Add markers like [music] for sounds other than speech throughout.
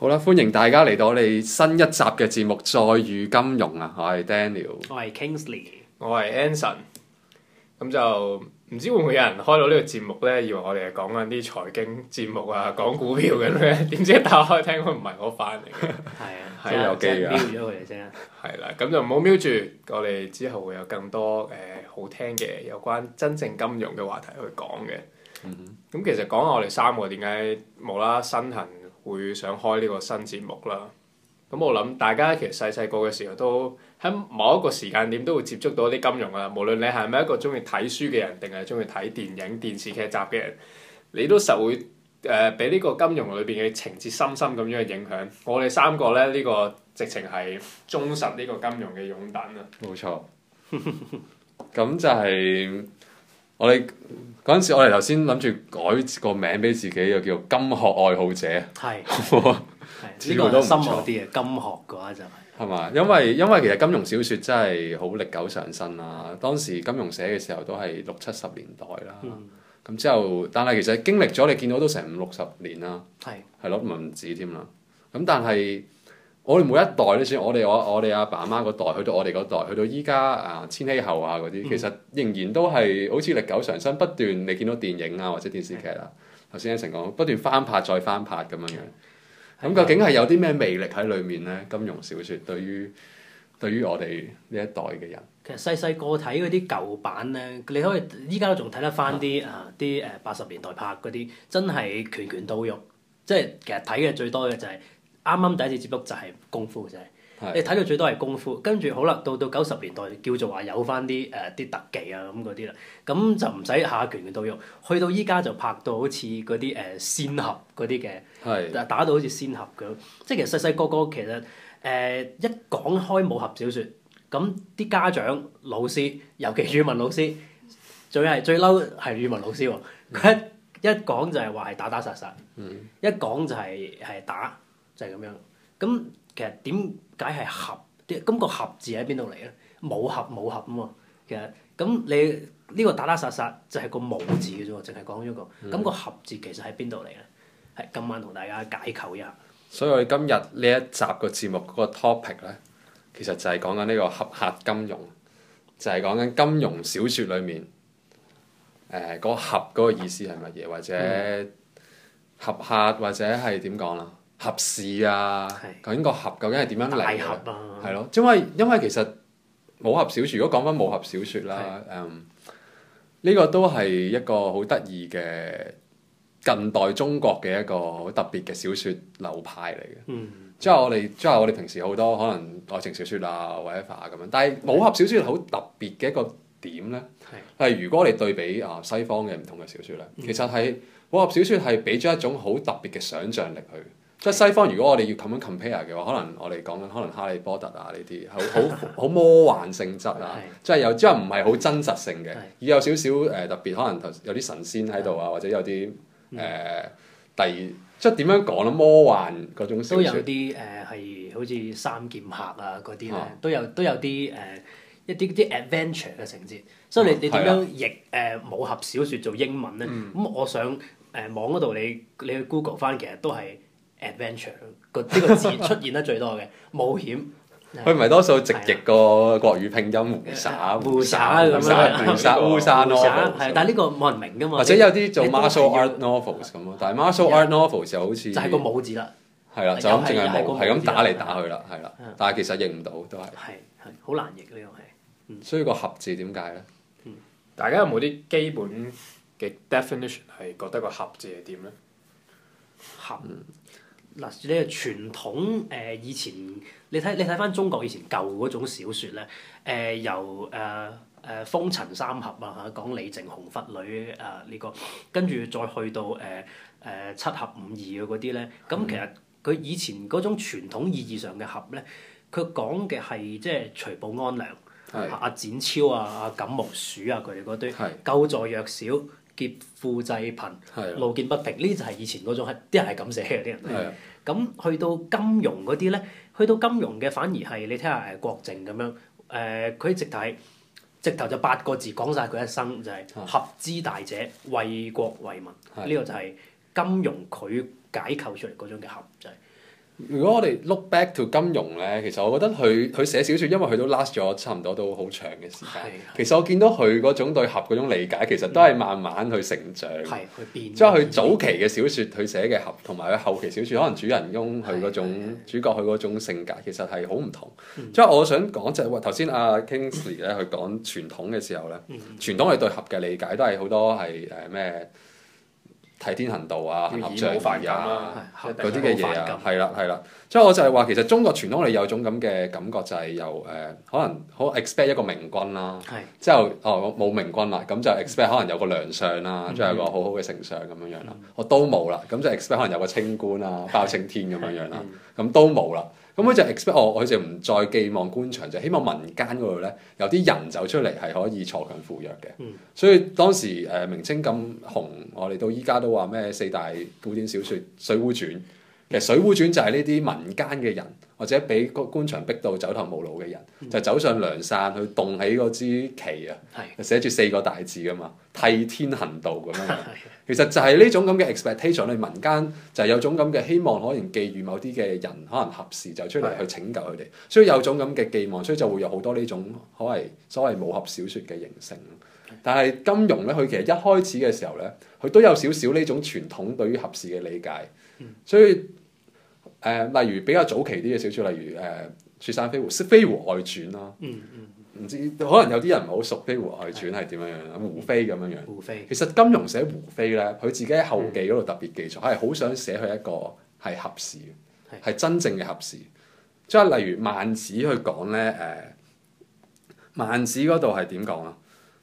好啦，歡迎大家嚟到我哋新一集嘅節目《再遇金庸》啊！我係 Daniel，我係 Kingsley，我係 Anson。咁就唔知會唔會有人開到呢個節目呢？以為我哋係講緊啲財經節目啊，講股票咁咧？點知一打開聽，佢唔係嗰版嚟。係啊，真係瞄咗佢哋先。係啦，咁就唔好瞄住。我哋之後會有更多誒好聽嘅有關真正金融嘅話題去講嘅。嗯哼。咁其實講下我哋三個點解冇啦？身痕。會想開呢個新節目啦。咁我諗大家其實細細個嘅時候都喺某一個時間點都會接觸到啲金庸啊。無論你係咪一個中意睇書嘅人，定係中意睇電影電視劇集嘅人，你都實會誒俾呢個金庸裏邊嘅情節深深咁樣嘅影響。我哋三個咧呢、這個直情係忠實呢個金庸嘅擁躉啊！冇錯沒錯，咁 [laughs] 就係、是。我哋嗰陣時，我哋頭先諗住改個名俾自己，又叫做「金學愛好者」。呢個是 [laughs] 都深奧啲嘅金學嘅話就係、是。係嘛？因為、嗯、因為其實金庸小說真係好歷久常新啦。當時金庸寫嘅時候都係六七十年代啦。咁、嗯、之後，但係其實經歷咗，你見到都成五六十年啦。係是。係囉，文字添啦。咁但係。我哋每一代都算，我哋我我哋阿爸阿媽嗰代，去到我哋嗰代，去到依家啊千禧後啊嗰啲，其實仍然都係好似歷久常新，不斷你見到電影啊或者電視劇啊，頭先阿成講不斷翻拍再翻拍咁樣樣。咁究竟係有啲咩魅力喺裏面呢？金庸小說對於對於我哋呢一代嘅人，其實細細個睇嗰啲舊版呢，你可以依家都仲睇得返啲、嗯、啊啲八十年代拍嗰啲，真係拳拳到肉。即係其實睇嘅最多嘅就係。啱啱第一次接觸就係功夫就係，你睇到最多係功夫是的，跟住好啦，到到九十年代叫做話有翻啲誒啲特技啊咁嗰啲啦，咁就唔使下拳拳到肉。去到依家就拍到好似嗰啲誒仙俠嗰啲嘅，打到好似仙俠咁，是的 即係其實細細個個其實誒、呃、一講開武俠小説，咁啲家長老師，尤其語文老師，最係最嬲係語文老師喎，佢一一講就係話係打打殺殺，殺，嗯、一講就係係打。就係咁樣，咁其實點解係俠啲咁、那個俠字喺邊度嚟咧？武俠武俠啊嘛，其實咁你呢個打打殺殺就係個武字嘅啫，淨係講咗一個，咁、那個俠字其實喺邊度嚟咧？係今晚同大家解構一下。所以我哋今日呢一集個節目嗰個 topic 呢，其實就係講緊呢個俠客金庸，就係、是、講緊金庸小説裡面誒、呃那個俠嗰個意思係乜嘢，或者俠客或者係點講啦？合事啊，是究竟個合究竟係點樣嚟？係、啊、咯，因為因為其實武俠小説如果講翻武俠小説啦，誒呢是、嗯這個都係一個好得意嘅近代中國嘅一個好特別嘅小説流派嚟嘅。嗯、即係我哋、嗯、即係我哋平時好多可能愛情小説啊或者法 t 咁樣，但係武俠小説好特別嘅一個點咧，係是如果我哋對比啊西方嘅唔同嘅小説咧，其實係武俠小説係俾咗一種好特別嘅想像力去。即係西方，如果我哋要咁樣 compare 嘅話，可能我哋講緊可能哈利波特啊呢啲好好好魔幻性質啊，即係有即係唔係好真實性嘅，有少少誒特別，可能有啲神仙喺度啊，或者有啲誒第即係點樣講呢？魔幻嗰種都有啲誒係好似三劍客啊嗰啲咧，都有都有啲誒一啲啲 adventure 嘅情節。所以你你點樣譯誒武俠小説做英文呢？咁我想誒網嗰度你你去 Google 翻，其實都係。Adventure 個呢個字出現得最多嘅冒險，佢唔係多數直譯個國語拼音烏沙烏沙咁樣，沙，但係呢個冇人明㗎嘛。或者有啲做 martial art novels 咁咯，但係 martial art novels 就好似就係個冇字啦，係啦，就淨係冇，係咁打嚟打去啦，係啦，但係其實譯唔到都係係好難譯呢個係，所以個俠字點解呢？大家有冇啲基本嘅 definition 係覺得個俠字係點呢？「俠。嗱，你係傳統誒、呃、以前，你睇你睇翻中國以前舊嗰種小説咧，誒、呃、由誒誒、呃呃、風塵三俠啊，講李靖紅拂女啊呢個，跟住再去到誒誒、呃呃、七俠五義嘅嗰啲咧，咁其實佢以前嗰種傳統意義上嘅俠咧，佢講嘅係即係除暴安良，阿係、啊、展超啊、阿錦毛鼠啊佢哋嗰堆，救助弱小。劫富濟貧，路見不平，呢的就係以前嗰種係，啲人係咁寫嘅啲人。咁的去到金庸嗰啲咧，去到金庸嘅反而係你睇下誒郭靖咁樣，誒、呃、佢直頭係直頭就八個字講晒：「佢一生就係、是、俠之大者的為國為民，呢的個就係金庸佢解構出嚟嗰種嘅俠。就是如果我哋 look back to 金庸呢，其實我覺得佢佢寫小説，因為佢都 last 咗差唔多都好長嘅時間。的其實我見到佢嗰種對俠嗰種理解，其實都係慢慢去成長，即係佢早期嘅小説，佢寫嘅俠同埋佢後期小説，可能主人翁佢嗰種的主角佢嗰種性格其實係好唔同。即係的我想講就係、是，話，頭先阿 Kingsley 呢，佢講傳統嘅時候呢，的傳統係對俠嘅理解都係好多係誒咩？呃替天行道啊，合唔合著呀？嗰啲嘅嘢啊，係啦係啦，即係我就係話其實中國傳統我哋有種咁嘅感覺就係有誒，可能好 expect 一個明君啦，是之後哦冇明君啦，咁就 expect 可能有個良相啦，即係、嗯嗯、有個好好嘅丞相咁樣樣啦，嗯、我都冇啦，咁就 expect 可能有個清官啊，包青天咁樣這樣啦，咁、 [laughs] 嗯、都冇啦。咁佢就 expect 我、哦，佢就唔再寄望官場，就是、希望民間嗰度咧有啲人走出嚟，係可以鋤強扶弱嘅。所以當時誒明清咁紅，我哋到依家都話咩四大古典小說水滸傳。其實《水滸傳》就係呢啲民間嘅人，或者俾官官場逼到走投無路嘅人，嗯、就走上梁山去棟起嗰支旗啊，寫住的四個大字噶嘛，替天行道咁樣。的其實就係呢種咁嘅 expectation，你民間就有種咁嘅希望，可能寄予某啲嘅人，可能俠士就出嚟去拯救佢哋，的所以有種咁嘅寄望，所以就會有好多呢種所謂所謂武俠小說嘅形成。但係金庸咧，佢其實一開始嘅時候咧，佢都有少少呢種傳統對於俠士嘅理解，所以，嗯、所以誒、呃，例如比較早期啲嘅小説，例如誒《雪、呃、山飛狐》《飛狐外傳、啊》咯、嗯。唔、嗯、知可能有啲人唔係好熟《飛狐外傳》係點樣樣？嗯嗯嗯、胡斐咁樣樣。其實金庸寫胡斐咧，佢自己喺後記嗰度特別記載，係好、嗯、想寫佢一個係俠士嘅，係、嗯、真正嘅俠士。即係例如孟子去講咧，誒、呃、孟子嗰度係點講啊？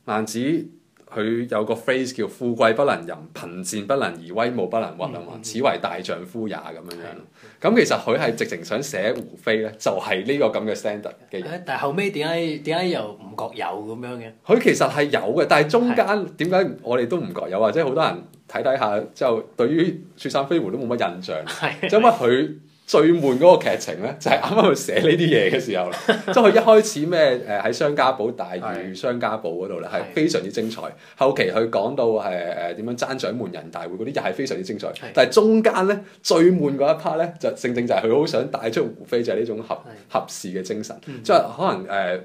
孟子。佢有個 phrase 叫「富貴不能淫，貧賤不能移，威武不能屈」啊嘛，此為大丈夫也咁樣、嗯嗯、樣。咁、嗯、其實佢係直情想寫胡飛咧的，就係呢個咁嘅 standard 嘅人。但係後尾點解點解又唔覺有咁樣嘅？佢其實係有嘅，但係中間點解我哋都唔覺有，或者好多人睇睇下之後，就對於雪山飛狐都冇乜印象，的因為佢。最悶嗰個劇情呢，就係啱啱佢寫呢啲嘢嘅時候啦。即係佢一開始咩誒喺《商家堡》大雨，《商家堡》嗰度呢，係非常之精彩。後期佢講到係誒點樣爭掌門人大會嗰啲，又係非常之精彩。但係中間呢，最悶嗰一 part 呢，就正正就係佢好想帶出胡斐就係呢種俠俠士嘅精神。即係可能誒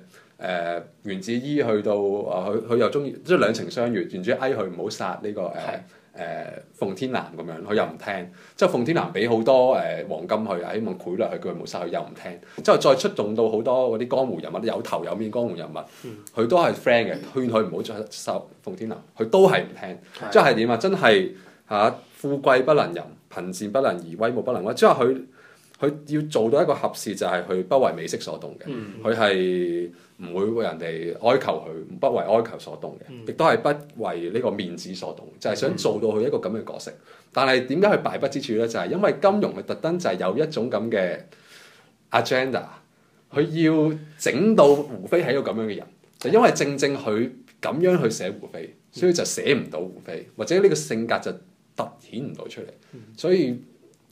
誒袁紫衣去到啊，佢佢又中意，即係兩情相悅。袁紫衣嗌佢唔好殺呢個誒。誒鳳、呃、天南咁樣，佢又唔聽，之後鳳天南俾好多誒、呃、黃金佢啊，希望賄賂佢叫佢冇殺佢又唔聽，之後再出動到好多嗰啲江湖人物，有頭有面江湖人物，佢、嗯、都係 friend 嘅，勸佢唔好再收鳳天南，佢都係唔聽，即係點啊？真係嚇，富貴不能淫，貧賤不能移，威武不能屈，即係佢。佢要做到一個俠士，就係、是、佢不為美色所動嘅。佢係唔會為人哋哀求，佢不為哀求所動嘅，亦都係不為呢個面子所動，就係、是、想做到佢一個咁嘅角色。嗯、但係點解佢敗筆之處咧？就係、是、因為金庸嘅特登就係有一種咁嘅 agenda，佢要整到胡斐係一個咁樣嘅人，就因為正正佢咁樣去寫胡斐，所以就寫唔到胡斐，或者呢個性格就突顯唔到出嚟，所以。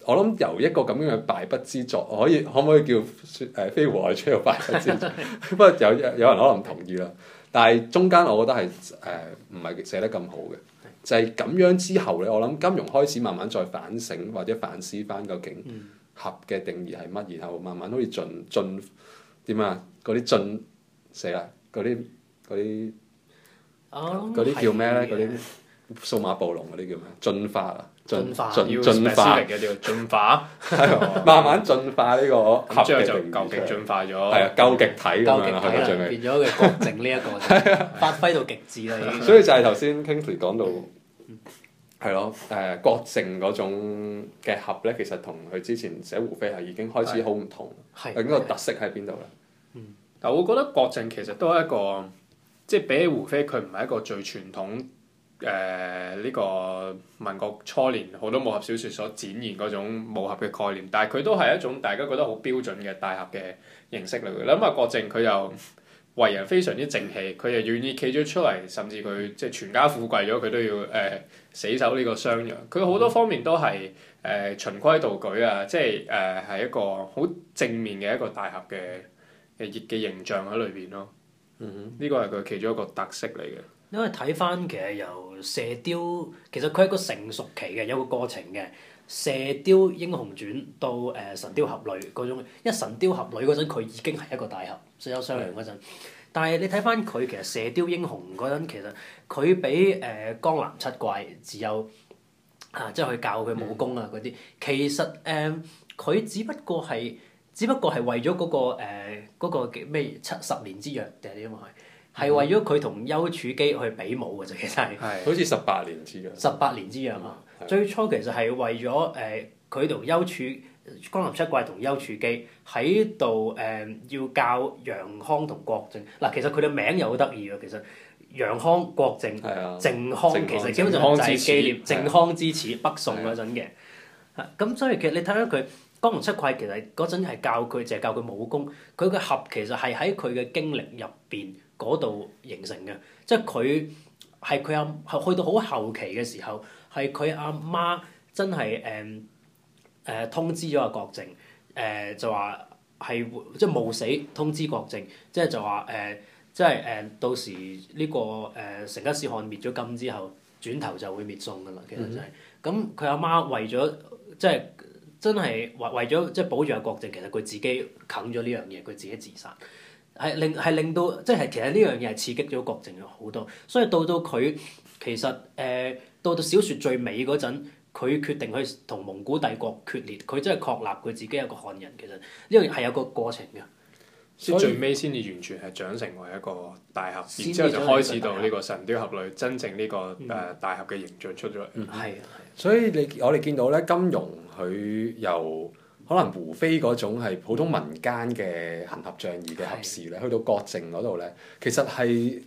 我諗由一個咁樣嘅敗筆之作，可以可唔可以叫誒飛狐外傳嘅敗筆之作？不過 [laughs] [laughs] 有有人可能唔同意啦。但係中間我覺得係誒唔係寫得咁好嘅，就係、是、咁樣之後咧，我諗金庸開始慢慢再反省或者反思翻個俠嘅定義係乜，然後慢慢可以進進點啊？嗰啲進寫啦，嗰啲嗰啲嗰啲叫咩咧？嗰啲數碼暴龍嗰啲叫咩？進化啊！進化要進化嘅叫進化，進化 [laughs] 慢慢進化呢個合極究極進化咗，係啊，究極體咁樣，係變咗嘅郭靖呢一個發揮到極致啦已經。 [laughs] 所以就係頭先 Kingsley 講到，係 [laughs] 咯誒郭、呃、靖嗰種嘅俠咧，其實同佢之前寫胡斐係已經開始好唔同，係咁個特色喺邊度咧？但我覺得郭靖其實都係一個，即、就、係、是、比起胡斐佢唔係一個最傳統。誒呢、呃這個民國初年好多武俠小說所展現嗰種武俠嘅概念，但係佢都係一種大家覺得好標準嘅大俠嘅形式嚟嘅。諗下郭靖佢又為人非常之正氣，佢又願意企咗出嚟，甚至佢即係全家富貴咗，佢都要誒、呃、死守呢個襄陽。佢好多方面都係誒、呃、循規蹈矩啊，即係誒係一個好正面嘅一個大俠嘅嘅形象喺裏邊咯。呢個係佢其中一個特色嚟嘅。因為睇翻其實由射雕，其實佢係一個成熟期嘅，有個過程嘅。射雕英雄傳到誒、呃、神雕俠侶嗰種，因為神雕俠侶嗰陣佢已經係一個大俠，所以有商量嗰陣。但係你睇翻佢其實射雕英雄嗰陣，其實佢畀誒江南七怪只有嚇，即係去教佢武功啊嗰啲。其實誒佢、呃、只不過係，只不過係為咗嗰、嗰個誒嗰、呃嗰個幾咩七十年之約定，因為。係為咗佢同丘處機去比武嘅，就係好似十八年之約。十八年之約啊！最初其實係為咗誒，佢同丘處江南七怪同丘處機喺度誒，要教楊康同郭靖。嗱、啊，其實佢嘅名又好得意嘅。其實楊康、郭靖、靖、啊、康，康其實基本上就係紀念靖康之恥，啊、北宋嗰陣嘅。咁、啊啊、所以其實你睇翻佢江南七怪，其實嗰陣係教佢，淨係教佢武功。佢嘅俠其實係喺佢嘅經歷入邊。嗰度形成嘅，即係佢係佢阿去到好後期嘅時候，係佢阿媽真係誒誒通知咗阿郭靖誒、呃、就話係即係冒死通知郭靖，即係就話誒、呃、即係誒到時呢、這個誒、呃、成吉思汗滅咗金之後，轉頭就會滅宋㗎啦，其實就係、是、咁。佢阿媽為咗即係真係為為咗即係保障阿郭靖，其實佢自己啃咗呢樣嘢，佢自己自殺。係令係令到，即係其實呢樣嘢係刺激咗郭靖好多，所以到到佢其實誒、呃、到到小説最尾嗰陣，佢決定去同蒙古帝國決裂，佢真係確立佢自己係一個漢人。其實呢樣嘢係有個過程嘅，所以最尾先至完全係長成為一個大俠，然之後就開始到呢個神雕俠侶、嗯、真正呢個誒大俠嘅形象出咗嚟，嗯。嗯、係、啊、所以你我哋見到咧，金庸佢由可能胡斐嗰種係普通民間嘅行俠仗義嘅俠士咧，的去到郭靖嗰度咧，其實係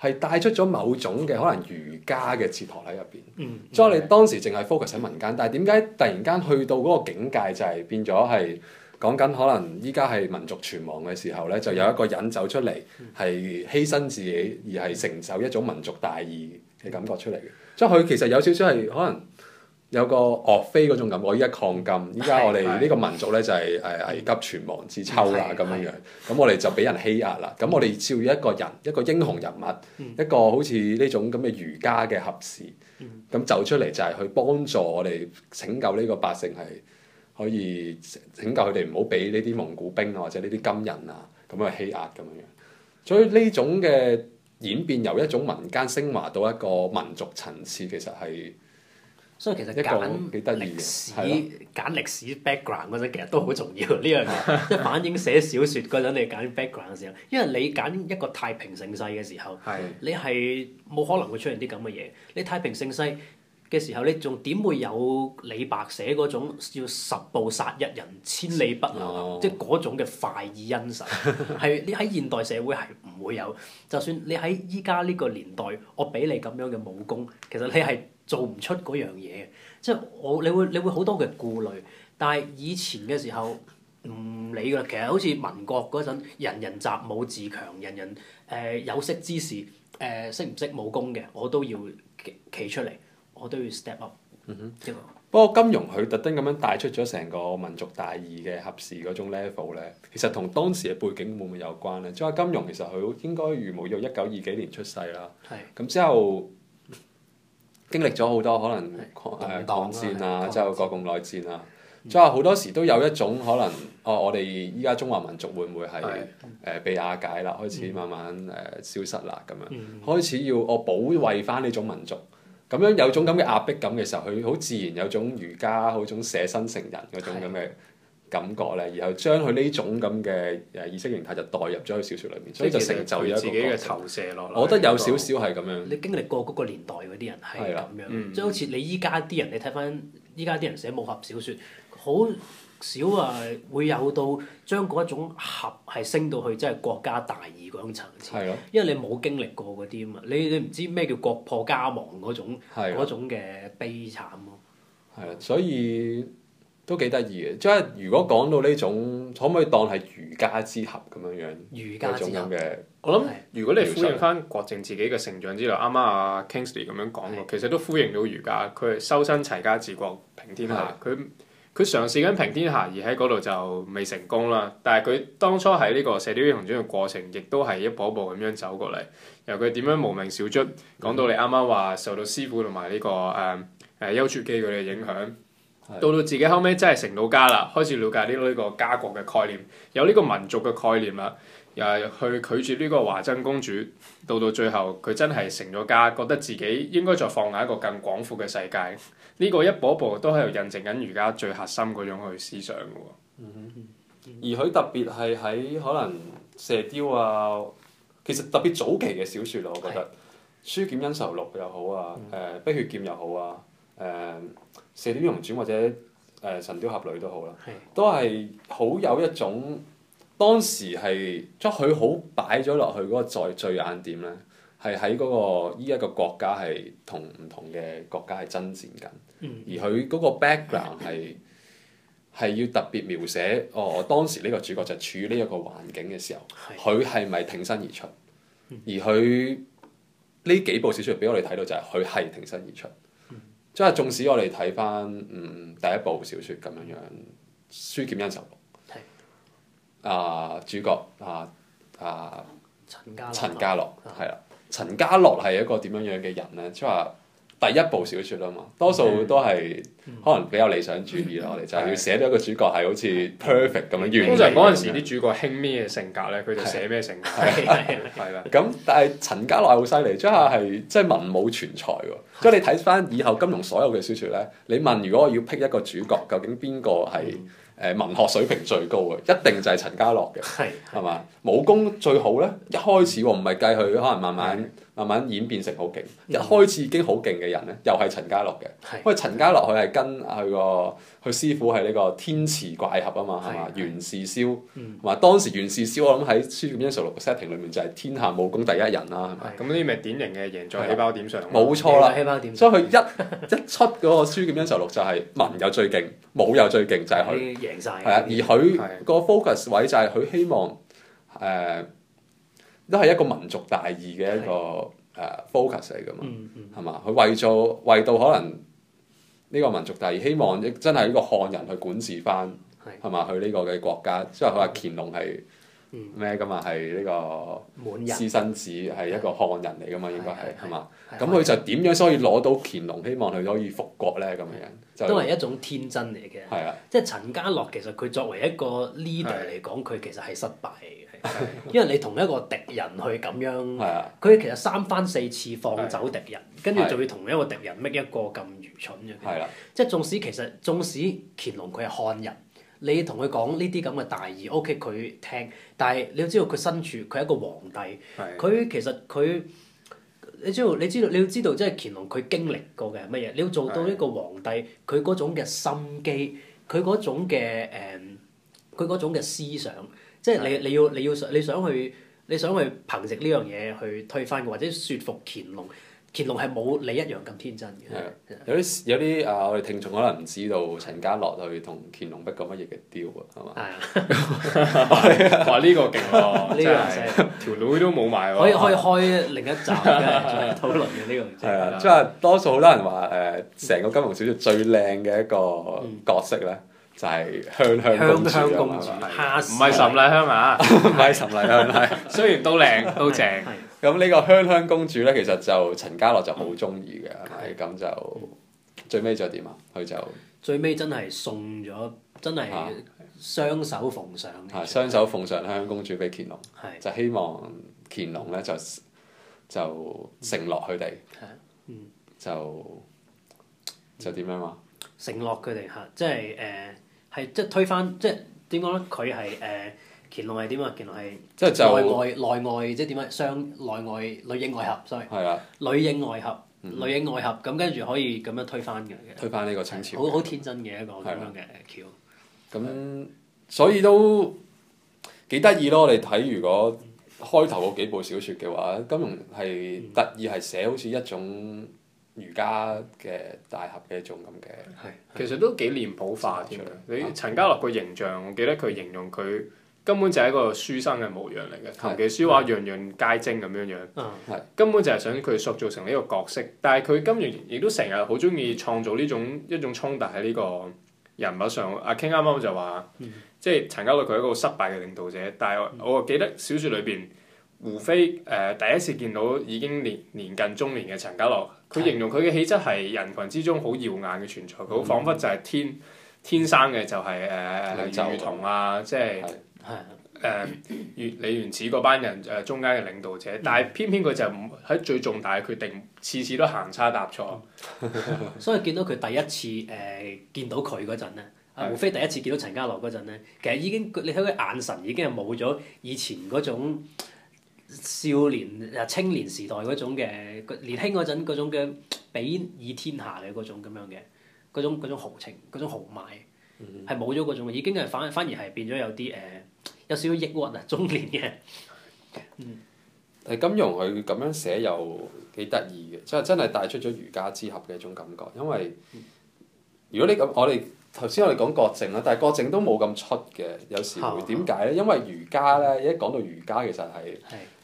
係帶出咗某種嘅可能儒家嘅哲學喺入邊。嗯、所以你哋當時淨係 focus 喺民間，但係點解突然間去到嗰個境界就係變咗係講緊可能依家係民族存亡嘅時候咧，就有一個人走出嚟係犧牲自己而係承受一種民族大義嘅感覺出嚟嘅。即係佢其實有少少係可能。有個岳飛嗰種感覺，依家抗金，依家我哋呢個民族咧就係誒危急存亡之秋啦咁樣樣，咁我哋就俾人欺壓啦。咁 [laughs] 我哋照一個人，一個英雄人物， [laughs] 一個好似呢種咁嘅儒家嘅俠士，咁 [laughs] 走出嚟就係去幫助我哋拯救呢個百姓，係可以拯救佢哋唔好俾呢啲蒙古兵啊或者呢啲金人啊咁樣欺壓咁樣樣。所以呢種嘅演變由一種民間升華到一個民族層次，其實係。所以其實揀歷史揀歷史 background 嗰陣，其實都好重要呢樣嘢，即係、 [laughs] 就是、反映寫小説嗰陣你揀 background 嘅時候，因為你揀一個太平盛世嘅時候，的你係冇可能會出現啲咁嘅嘢，你太平盛世。嘅時候，你仲點會有李白寫嗰種要十步殺一人、千里不留行，oh. 即嗰種嘅快意恩仇？係你喺現代社會係唔會有，就算你喺依家呢個年代，我俾你咁樣嘅武功，其實你係做唔出嗰樣嘢即、就是、我你會你會好多嘅顧慮。但係以前嘅時候唔理㗎啦，其實好似民國嗰陣，人人習武自強，人人誒、呃、有識之士誒、呃、識唔識武功嘅，我都要企出嚟。我都要 step up。嗯哼。不過金庸佢特登咁樣帶出咗成個民族大義嘅合時嗰種 level 咧，其實同當時嘅背景會唔會有關咧？即係金庸其實佢應該如冇約一九二幾年出世啦。係。咁之後經歷咗好多可能抗戰啊，之後國共內戰啊，即係好多時都有一種可能，哦，我哋依家中華民族會唔會係誒被瓦解啦，開始慢慢誒消失啦咁樣，開始要我保衞翻呢種民族。咁樣有種咁嘅壓迫感嘅時候，佢好自然有種儒家好種捨身成仁嗰種咁嘅感覺呢，的然後將佢呢種咁嘅意識形態就代入咗去小説裏面，所以就成就咗自己嘅投射咯。我覺得有少少係咁樣。你經歷過嗰個年代嗰啲人係咁樣，即係好似你依家啲人，你睇翻依家啲人寫武俠小説，好少啊，會有到將嗰一種俠係升到去，即係國家大義嗰種層次。的因為你冇經歷過嗰啲啊嘛，你你唔知咩叫國破家亡嗰種嗰的種嘅悲慘咯。係啊，所以都幾得意嘅。即係如果講到呢種，可唔可以當係儒家之俠咁樣樣？儒家之俠咁嘅。我諗想的如果你呼應翻郭靖自己嘅成長之路，啱啱阿 Kingsley 咁樣講過，的其實都呼應到儒家。佢係修身齊家治國平天下，佢的。佢嘗試緊平天下，而喺嗰度就未成功啦。但係佢當初喺呢個射雕英雄傳嘅過程，亦都係一步一步咁樣走過嚟。由佢點樣無名小卒，講到你啱啱話受到師傅同埋呢個誒誒丘處機佢哋嘅影響。到到自己後尾真係成到家啦，開始了解呢個家國嘅概念，有呢個民族嘅概念啦，又係去拒絕呢個華箏公主。到到最後，佢真係成咗家，覺得自己應該再放眼一個更廣闊嘅世界。呢、這個一步一步都喺度印證緊，儒家最核心嗰種去思想嘅喎。嗯嗯嗯、而佢特別係喺可能射雕啊，其實特別早期嘅小説咯、啊，我覺得《書劍恩仇錄》又好啊，誒、嗯呃《碧血劍》又好啊，誒、呃。《射雕英雄傳》或者誒、呃《神雕俠侶》都好啦，的都係好有一種當時係即係佢好擺咗落去嗰個在最眼點咧，係喺嗰個依一、這個國家係同唔同嘅國家係爭戰緊，而佢嗰個 background 係係要特別描寫哦，當時呢個主角就係處於呢一個環境嘅時候，佢係咪挺身而出？而佢呢幾部小說俾我哋睇到就係佢係挺身而出。即係縱使我哋睇翻嗯第一部小説咁樣樣，書《書劍恩仇錄》啊，主角啊啊，陳家，陳家洛係啦，陳家洛係一個點樣樣嘅人呢？即係話。第一部小説，啊嘛，多數都係可能比較理想主義咯，我哋就係要寫到一個主角係好似 perfect 咁樣完。通常嗰陣時啲主角興咩性格呢？佢就寫咩性格。係啦，咁但係陳家洛係好犀利，即係係即係文武全才喎。即係你睇翻以後金庸所有嘅小説呢，你問如果我要辟一個主角，究竟邊個係誒文學水平最高嘅？一定就係陳家洛嘅。係係嘛？武功最好呢，一開始我唔係計佢，可能慢慢。慢慢演變成好勁，一開始已經好勁嘅人咧，又係陳家洛嘅。因為陳家洛佢係跟佢個佢師傅係呢個天池怪俠啊嘛，係嘛？袁士霄，同埋當時袁士霄，我諗喺《書劍恩仇錄》嘅 setting 裏面就係天下武功第一人啦，係咪？咁呢啲咪典型嘅贏在起跑點上。冇錯啦，所以佢一一出嗰個《書劍恩仇錄》就係文有最勁，武有最勁，就係佢。贏啊，而佢個 focus 位就係佢希望誒。都係一個民族大義嘅一個誒 focus 嚟㗎嘛，係嘛的？佢為做為到可能呢個民族大義，希望真係呢個漢人去管治返，係嘛的？佢呢個嘅國家，即係佢話乾隆係咩㗎嘛？係呢個私生子，係一個漢人嚟㗎嘛？應該係係咪？咁佢就點樣所以攞到乾隆？希望佢可以復國呢？咁樣都係一種天真嚟嘅。係啊，即係陳家洛其實佢作為一個 leader 嚟講，佢其實係失敗嘅，因為你同一個敵人去咁樣，佢其實三番四次放走敵人，跟住仲要同一個敵人搣一個咁愚蠢嘅，即係縱使其實縱使乾隆佢係漢人。你同佢講呢啲咁嘅大義，OK 佢聽。但係你要知道佢身處，佢係一個皇帝。佢是的 其實佢，你知道，你知道，你要知道，即係乾隆佢經歷過嘅係乜嘢？你要做到一個皇帝，佢嗰是的 種嘅心機，佢嗰種嘅誒，佢嗰、哦、種嘅思想，即係你是的 你要你要想你，你想去你想去，你想去憑藉呢樣嘢去推翻，或者説服乾隆。乾隆係冇你一樣咁天真嘅。有啲有啲啊，我哋聽眾可能唔知道陳家洛去同乾隆不過乜嘢嘅雕啊，係嘛？係啊，話呢個勁呢，真係條女都冇埋，可以可以開另一集嚟討論嘅，呢個唔知。係啊，即係多數好多人話誒，成個金庸小説最靚嘅一個角色呢，就係香香公主，唔係岑麗香啊，唔係岑麗香係。雖然都靚都正。咁呢個香香公主呢，其實就陳家洛就好中意嘅，咁、嗯、就最尾就點啊？佢就最尾真係送咗，真係雙手奉上。嚇！雙手奉上香香公主俾乾隆，吧就希望乾隆呢就就承諾佢哋。就就點樣啊、嗯？承諾佢哋嚇，即係誒，係、呃、即係推翻，即係點講呢？佢係誒。呃乾隆係點啊？乾隆係內外內外即係點啊？雙內外裏應外合，所以，係啊裏應外合，裏應外合，咁跟住可以咁樣推翻嘅。推翻呢個清朝。好好天真嘅一個咁樣嘅橋。咁所以都幾得意咯！我哋睇如果開頭嗰幾部小説嘅話，金庸係得意係寫好似一種儒家嘅大俠嘅一種咁嘅。係。其實都幾臉譜化添啊！你陳家洛個形象，我記得佢形容佢。根本就係一個書生嘅模樣嚟嘅，琴棋書畫樣樣皆精咁樣樣。根本就係想佢塑造成呢個角色，但係佢金庸亦都成日好中意創造呢種一種衝突喺呢個人物上。阿 King 啱啱就話，即係陳家洛佢係一個失敗嘅領導者，但係我記得小説裏邊胡斐誒第一次見到已經年年近中年嘅陳家洛，佢形容佢嘅氣質係人群之中好耀眼嘅存在，佢好彷彿就係天天生嘅就係誒如同啊，即係。係誒，越李元始嗰班人誒中間嘅領導者，但係偏偏佢就唔喺最重大嘅決定，次次都行差踏錯。 [laughs] 所以見到佢第一次誒、呃、見到佢嗰陣咧，啊，胡斐第一次見到陳家洛嗰陣咧，其實已經你睇佢眼神已經係冇咗以前嗰種少年青年時代嗰種嘅年輕嗰陣嗰種嘅比以天下嘅嗰種咁樣嘅嗰種豪情嗰種豪邁，係冇咗嗰種，已經係反反而係變咗有啲誒。呃有少少抑鬱啊，中年嘅。嗯。係金庸佢咁樣寫又幾得意嘅，即係真係帶出咗儒家之合嘅一種感覺。因為如果你咁，我哋頭先我哋講郭靖啦，但係郭靖都冇咁出嘅，有時會點解的呢？因為儒家呢，一講到儒家其實係。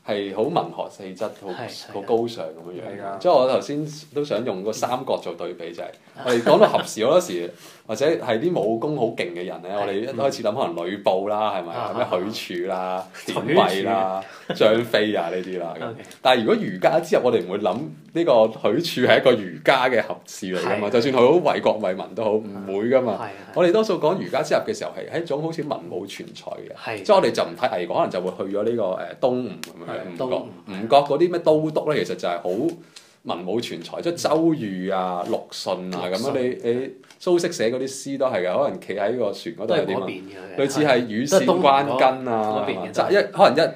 係好文學氣質，好好高尚咁樣樣。即係我頭先都想用個三國做對比，就係我哋講到俠士，好多時或者係啲武功好勁嘅人呢，我哋一開始諗可能呂布啦，係咪？有咩許褚啦、典韋啦、張飛啊呢啲啦。但係如果儒家之入，我哋唔會諗呢個許褚係一個儒家嘅俠士嚟噶嘛。就算佢好為國為民都好，唔會噶嘛。我哋多數講儒家之入嘅時候係一種好似文武全才嘅，即係我哋就唔睇魏國，可能就會去咗呢個誒東吳咁樣。唔覺唔覺嗰啲咩都篤呢？其實就係好文武全才，即係周瑜啊、陸迅啊咁樣。你你蘇適寫嗰啲詩都係噶，可能企喺個船嗰度，有啲類似係與劍關關啊，可能一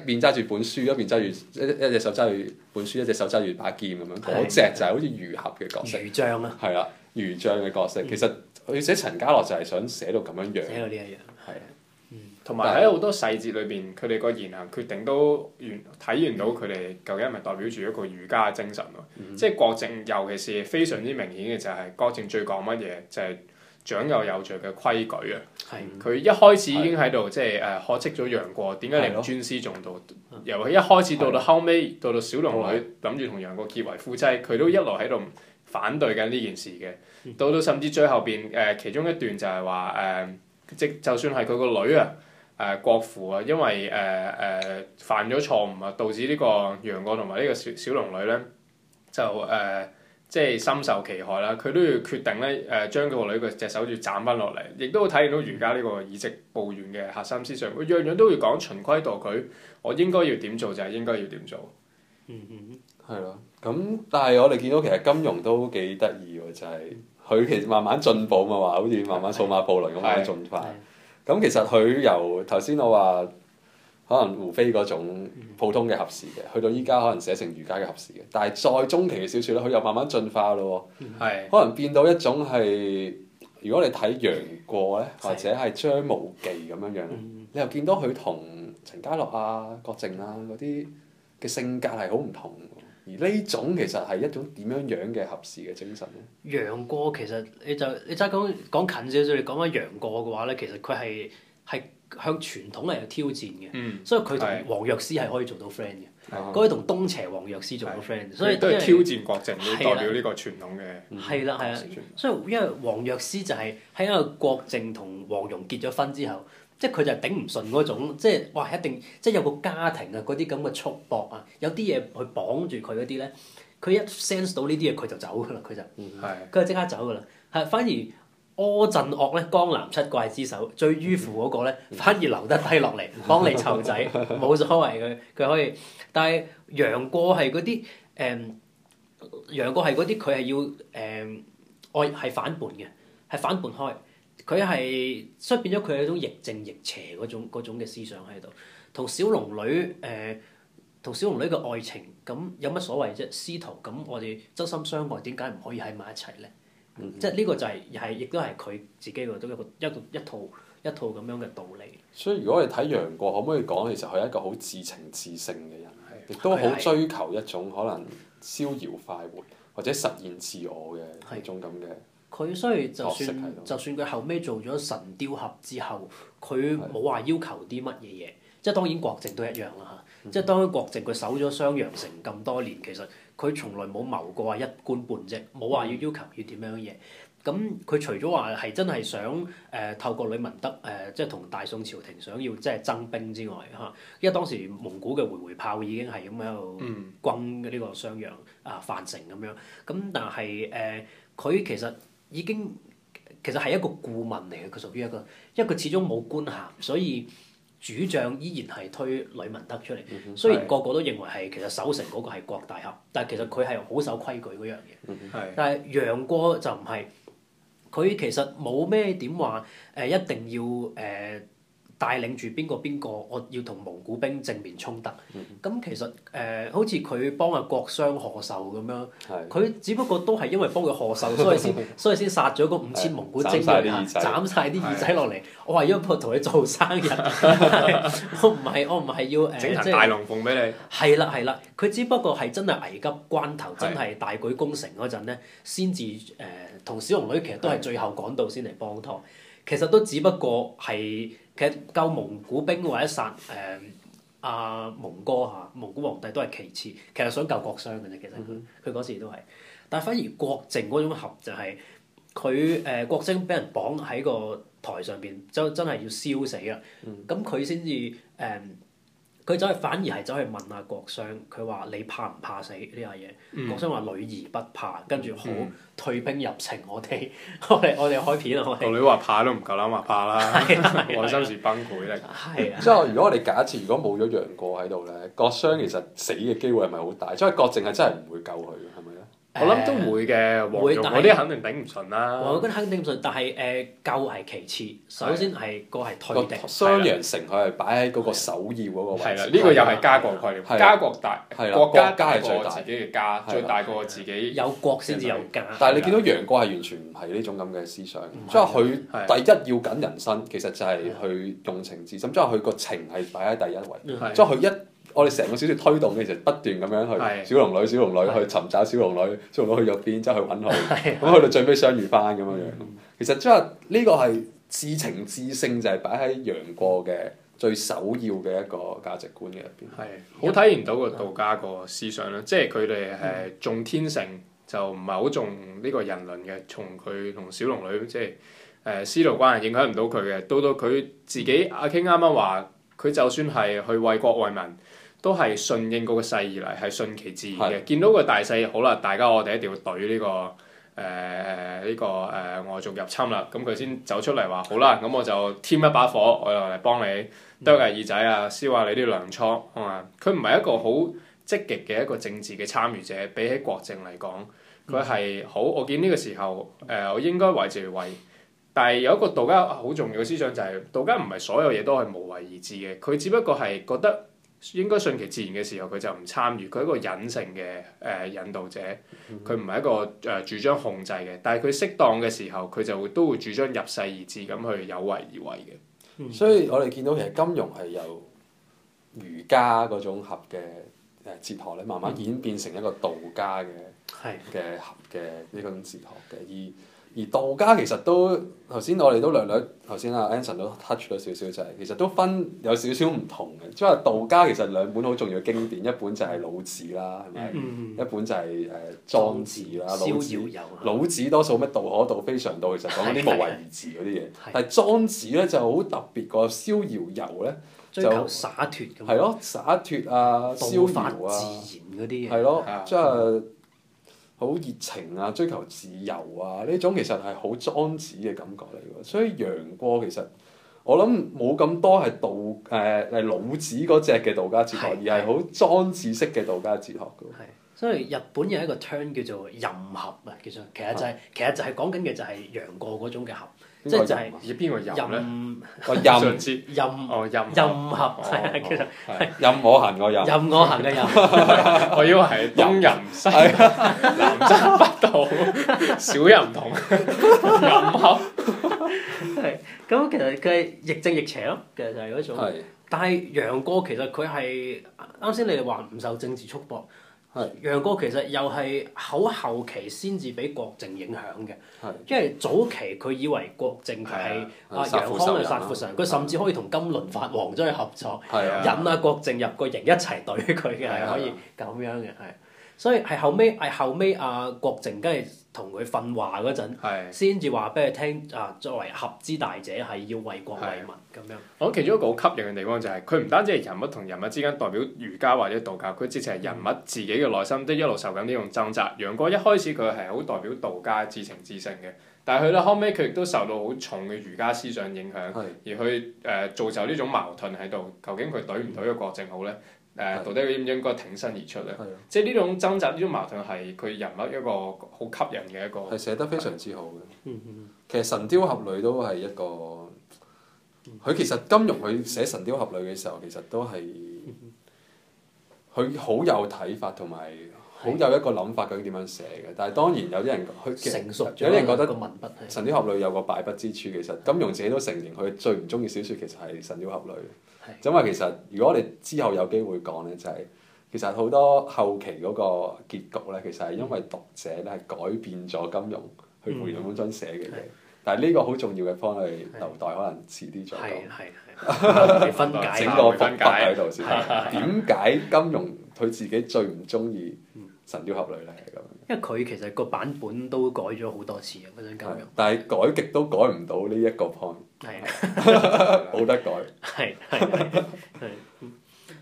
邊揸住本書，一邊揸住一一手揸住本書，一隻手揸住把劍咁樣。嗰隻就係好似俞合嘅角色。俞將啦，係啦，俞將嘅角色。其實佢寫陳家洛就係想寫到咁樣樣。寫啊。同埋喺好多細節裏邊，佢哋個言行決定都完體現到佢哋究竟係咪代表住一個儒家嘅精神喎。即係郭靖，尤其是非常之明顯嘅就係郭靖最講乜嘢，就係長幼有序嘅規矩啊。佢一開始已經喺度即係誒呵斥咗楊過，點解你唔尊師重道？由佢一開始到到後尾，到到小龍女諗住同楊過結為夫妻，佢都一路喺度反對緊呢件事嘅。到到甚至最後邊誒其中一段就係話誒，即就算係佢個女啊。誒、呃、國父啊，因為誒誒、呃呃、犯咗錯誤啊，導致呢個楊過同埋呢個小小龍女呢，就誒、呃、即係深受其害啦。佢都要決定呢，誒、呃、將個女個隻手要斬翻落嚟，亦都體現到儒家呢個以直報怨嘅核心思想。佢樣樣都要講循規蹈矩，我應該要點做就係應該要點做。嗯哼，係、嗯、咯。咁但係我哋見到其實金庸都幾得意喎，就係、是、佢其實慢慢進步嘛，話好似慢慢數碼暴龍咁樣進化。嗯嗯。咁其實佢由頭先我話，可能胡斐嗰種普通嘅俠士嘅，去到依家可能寫成儒家嘅俠士嘅，但係再中期嘅小説咧，佢又慢慢進化咯喎，嗯、可能變到一種係，如果你睇楊過咧，或者係張無忌咁樣樣，嗯、你又見到佢同陳家洛啊、郭靖啊嗰啲嘅性格係好唔同。而呢種其實係一種點樣樣嘅合時嘅精神呢？楊過其實你就你齋講講近少少，你講翻楊過嘅話呢，其實佢係係向傳統嚟去挑戰嘅，所以佢同黃藥師係可以做到 friend 嘅，可以同東邪黃藥師做到 friend，所以都係挑戰郭靖，你代表呢個傳統嘅，係啦係啦，所以因為黃藥師就係喺因為郭靖同黃蓉結咗婚之後。即佢就係頂唔順嗰種，即係哇！一定即有個家庭啊，嗰啲咁嘅束縛啊，有啲嘢去綁住佢嗰啲咧，佢一 sense 到呢啲嘢，佢就走噶啦，佢就，佢、嗯、就即刻走噶啦。係反而柯震岳咧，江南七怪之首最迂腐嗰個咧，反而留得低落嚟幫你湊仔，冇 [laughs] 所謂佢，佢可以。但係楊過係嗰啲誒，楊、嗯、過係嗰啲佢係要誒愛係反叛嘅，係反叛開。佢係，所以變咗佢係一種亦正亦邪嗰種嘅思想喺度。同小龍女，誒、呃，同小龍女嘅愛情，咁有乜所謂啫？師徒咁，我哋真心相愛，點解唔可以喺埋一齊呢？嗯、哼即係呢個就係又亦都係佢自己嘅一個一個一套一套咁樣嘅道理。所以如果你睇楊過，可唔可以講？其實佢係一個好至情至性嘅人，亦都好追求一種可能逍遙快活或者實現自我嘅一種咁嘅。嗯佢所以，就算就算佢後尾做咗神鵰俠之後，佢冇話要求啲乜嘢嘢。是的 即係當然郭靖都一樣啦嚇。嗯、即係當然郭靖佢守咗襄陽城咁多年，其實佢從來冇謀過話一官半職，冇話要要求要點樣嘢。咁佢、嗯、除咗話係真係想誒透過呂文德誒、呃，即係同大宋朝廷想要即係增兵之外，嚇，因為當時蒙古嘅回回炮已經係咁喺度轟呢個襄陽啊樊城咁樣，咁但係誒佢其實。已經其實係一個顧問嚟嘅，佢屬於一個，因為佢始終冇官銜，所以主將依然係推呂文德出嚟。嗯嗯、雖然個係個都認為係其實守城嗰個係郭大俠，但係其實佢係好守規矩嗰樣嘢。嗯嗯、但係楊過就唔係，佢其實冇咩點話誒，一定要誒。呃帶領住邊個邊個，我要同蒙古兵正面衝突。咁其實誒，好似佢幫阿國相賀壽咁樣，佢只不過都係因為幫佢賀壽，所以先所以先殺咗嗰五千蒙古精兵，斬晒啲耳仔落嚟。我話要為我同你做生意，我唔係我唔係要誒整、呃、大龍鳳俾你。係啦係啦，佢只不過係真係危急關頭，的真係大舉攻城嗰陣咧，先至誒同小龍女其實都係最後趕到先嚟幫拖。其實都只不過係。其實救蒙古兵或者殺誒阿、嗯啊、蒙哥嚇蒙古皇帝都係其次，其實想救國殤嘅啫。其實佢嗰時都係，但係反而郭靖嗰種俠就係佢誒郭靖俾人綁喺個台上邊，真真係要燒死啦。咁佢先至誒。佢走去反而係走去問阿郭襄，佢話：你怕唔怕死呢樣嘢？嗯、郭襄話：女兒不怕，跟住好退兵入城。我哋我哋我哋開片啊！我哋個女話怕都唔夠膽話怕啦，內心是崩潰咧。係。即係，如果我哋假設如果冇咗楊過喺度咧，郭襄其實死嘅機會係咪好大？因為郭靖係真係唔會救佢。我諗都會嘅，黃蓉嗰啲肯定頂唔順啦。我覺得肯定唔順，但係誒救係其次，首先係個係退敵。襄陽城佢係擺喺嗰個首要嗰個位啦，呢個又係家國概念，家國大國家係最大。自己嘅家最大過自己。有國先至有家。但係你見到楊過係完全唔係呢種咁嘅思想，即係佢第一要緊人生，其實就係佢用情至深，即係佢個情係擺喺第一位，即係佢一。我哋成個小說推動嘅就不斷咁樣去的小龍女、小龍女的去尋找小龍女、小龍女去入邊，即係去揾佢。咁去的到最尾相遇翻咁樣樣。的嗯、其實即係呢個係至情至性，就係擺喺楊過嘅最首要嘅一個價值觀入邊。係，好體現到個道家個思想啦。即係佢哋係重天性，就唔係好重呢個人倫嘅。從佢同小龍女即係誒師徒關係影響唔到佢嘅。到到佢自己，阿 King 啱啱話，佢就算係去為國為民，都係順應嗰個勢而嚟，係順其自然嘅。的見到個大勢好啦，大家我哋一定要懟呢、這個誒呢、呃這個誒外族入侵啦。咁佢先走出嚟話好啦，咁我就添一把火，我又嚟幫你兜下、嗯、耳仔啊，燒下、啊、你啲糧倉啊嘛。佢唔係一個好積極嘅一個政治嘅參與者，比起郭靖嚟講，佢係、嗯、好。我見呢個時候誒、呃，我應該為著為，但係有一個道家好重要嘅思想就係、是、道家唔係所有嘢都係無為而治嘅，佢只不過係覺得。應該順其自然嘅時候，佢就唔參與，佢係一個隱性嘅誒引導者，佢唔係一個誒、呃、主張控制嘅，但係佢適當嘅時候，佢就會都會主張入世而至。咁去有為而為嘅。嗯、所以我哋見到其實金庸係由儒家嗰種合嘅誒哲學呢慢慢演變成一個道家嘅嘅、嗯、合嘅呢種哲學嘅，而。而道家其實都頭先我哋都兩兩頭先阿 Anson 都 touch 咗少少，就係其實都分有少少唔同嘅。即係道家其實兩本好重要經典，一本就係《老子》啦，係咪？一本就係誒《莊子》啦，《老子》《老子》多數咩道可道非常道，其實講啲無為而治嗰啲嘢，但《莊子》呢就好特別個，逍遙遊呢就係咯灑脱啊，道法自然嗰啲係咯，即係。好熱情啊，追求自由啊，呢種其實係好莊子嘅感覺嚟㗎喎，所以楊過其實我諗冇咁多係道誒係老子嗰隻嘅道家哲學，是而係好莊子式嘅道家哲學嘅。係，所以日本有一個 turn 叫做任俠啊，其實、就係、是其實就係其實就係講緊嘅就係楊過嗰種嘅俠。即係以邊個任咧？任上任任任合，係啊！其實任我行嘅任。任我行嘅任。我以為係東任西，南則北同，小任同任合。係。咁其實佢係亦正亦邪咯，其實就係嗰種。係。但係楊過其實佢係啱先你哋話唔受政治束縛，楊過其實又係好後期先至俾郭靖影響嘅。的因為早期佢以為郭靖係的啊楊康嘅殺父仇人，佢、啊、甚至可以同金輪法王都去合作，的引阿郭靖入個營一齊對佢嘅，係可以咁樣嘅係。的的所以係後尾，係後尾阿、啊、郭靖，跟住同佢訓話嗰陣，先至話俾佢聽。啊，作為俠之大者，係要為國為民咁樣。我其中一個好吸引嘅地方就係、是，佢唔單止係人物同人物之間代表儒家或者道教，佢之前係人物自己嘅內心，都一路受緊呢種掙扎。楊過一開始佢係好代表道家至情至性嘅。但係佢呢，後尾佢亦都受到好重嘅儒家思想影響，是而佢誒、呃、造就呢種矛盾喺度。究竟佢對唔對個國政好呢？誒、呃，是到底應唔應該挺身而出呢？是即呢種掙扎、呢種矛盾係佢人物一個好吸引嘅一個。係寫得非常之好嘅。是其實《神雕俠侶》都係一個，佢其實金庸佢寫《神雕俠侶》嘅時候，其實都係佢好有睇法同埋。好有一個諗法究竟點樣寫嘅，但係當然有啲人去，有啲人覺得《神雕俠侶》有個敗筆之處。其實金庸自己都承認，佢最唔中意小説其實係《神雕俠侶》。咁啊，其實如果我哋之後有機會講呢，就係其實好多後期嗰個結局呢，其實係因為讀者呢係改變咗金庸去原本想寫嘅嘢。但係呢個好重要嘅方係，留待可能遲啲再講。分解整個伏筆喺度先，點解金庸佢自己最唔中意？神鵰俠侶嚟，係咁，因為佢其實個版本都改咗好多次嘅嗰種內容，對後但係改極都改唔到呢一個 point，冇得改。係係係，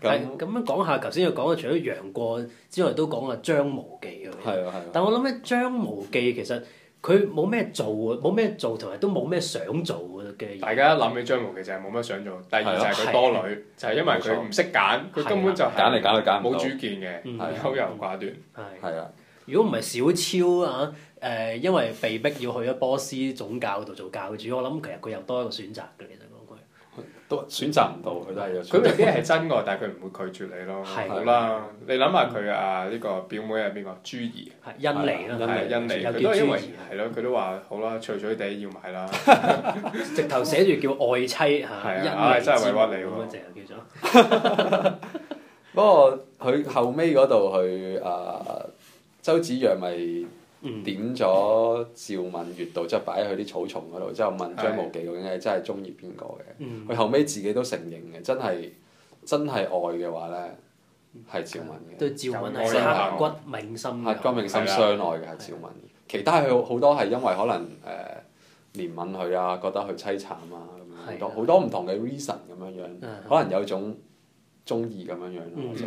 咁 [laughs] 那樣講下，頭先又講啊，除咗楊過之外，都講啊張無忌咁樣，但我諗起張無忌其實。佢冇咩做，冇咩做同埋都冇咩想做嘅，大家諗起張無忌，其實係冇咩想做，第二就係佢多女，的就係因為佢唔識揀，佢的根本就揀嚟揀去揀唔到，冇主見嘅，優柔寡斷。係，如果唔係小超啊、呃，因為被逼要去咗波斯總教度做教主，我諗其實佢又多一個選擇嘅其實。都選擇唔到，佢都係佢明顯係真愛，但係佢唔會拒絕你咯。好啦，你諗下佢啊，呢個表妹係邊個？朱怡，係印尼啦，印尼，佢都因為係咯，佢都話好啦，脆脆地要買啦。直頭寫住叫愛妻嚇，啊真係委屈你喎，不過佢後尾嗰度佢啊，周子揚咪。點咗趙敏穴道，即係擺喺佢啲草叢嗰度，之後問張無忌究竟係真係中意邊個嘅？佢、嗯、後尾自己都承認嘅，真係真係愛嘅話呢，係趙敏嘅。對趙敏係刻骨銘心。刻骨銘心相愛嘅係趙敏，的其他佢好多係因為可能誒、呃、憐憫佢啊，覺得佢凄慘啊咁樣，好多唔同嘅 reason 咁樣樣，可能有種中意咁樣樣，或者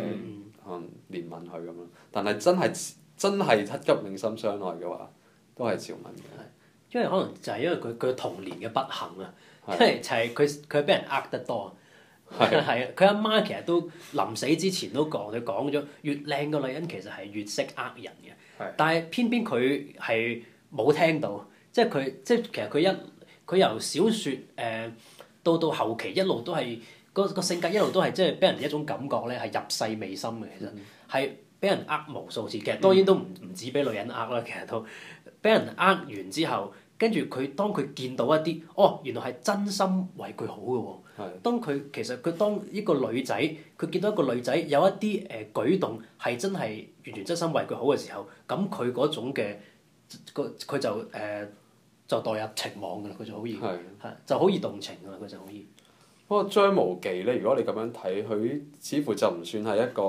可能憐憫佢咁咯。但係真係。真係七級銘心傷害嘅話，都係趙文嘅。因為可能就係因為佢佢童年嘅不幸啊，因為的就係佢佢俾人呃得多。係啊的，佢阿媽其實都臨死之前都講，佢講咗越靚嘅女人其實係越識呃人嘅。的但係偏偏佢係冇聽到，即係佢即係其實佢一佢由小説誒、呃、到到後期一路都係個,個性格一路都係即係俾人一種感覺咧係入世未深嘅其實係。嗯俾人呃無數次，其實當然都唔唔止俾女人呃啦，其實都俾人呃完之後，跟住佢當佢見到一啲哦，原來係真心為佢好嘅喎。係。當佢其實佢當一個女仔，佢見到一個女仔有一啲誒、呃、舉動係真係完全真心為佢好嘅時候，咁佢嗰種嘅個佢就誒、呃、就墮入情網㗎啦，佢就好易是的 就好易動情㗎啦，佢就好易。不過張無忌咧，如果你咁樣睇，佢似乎就唔算係一個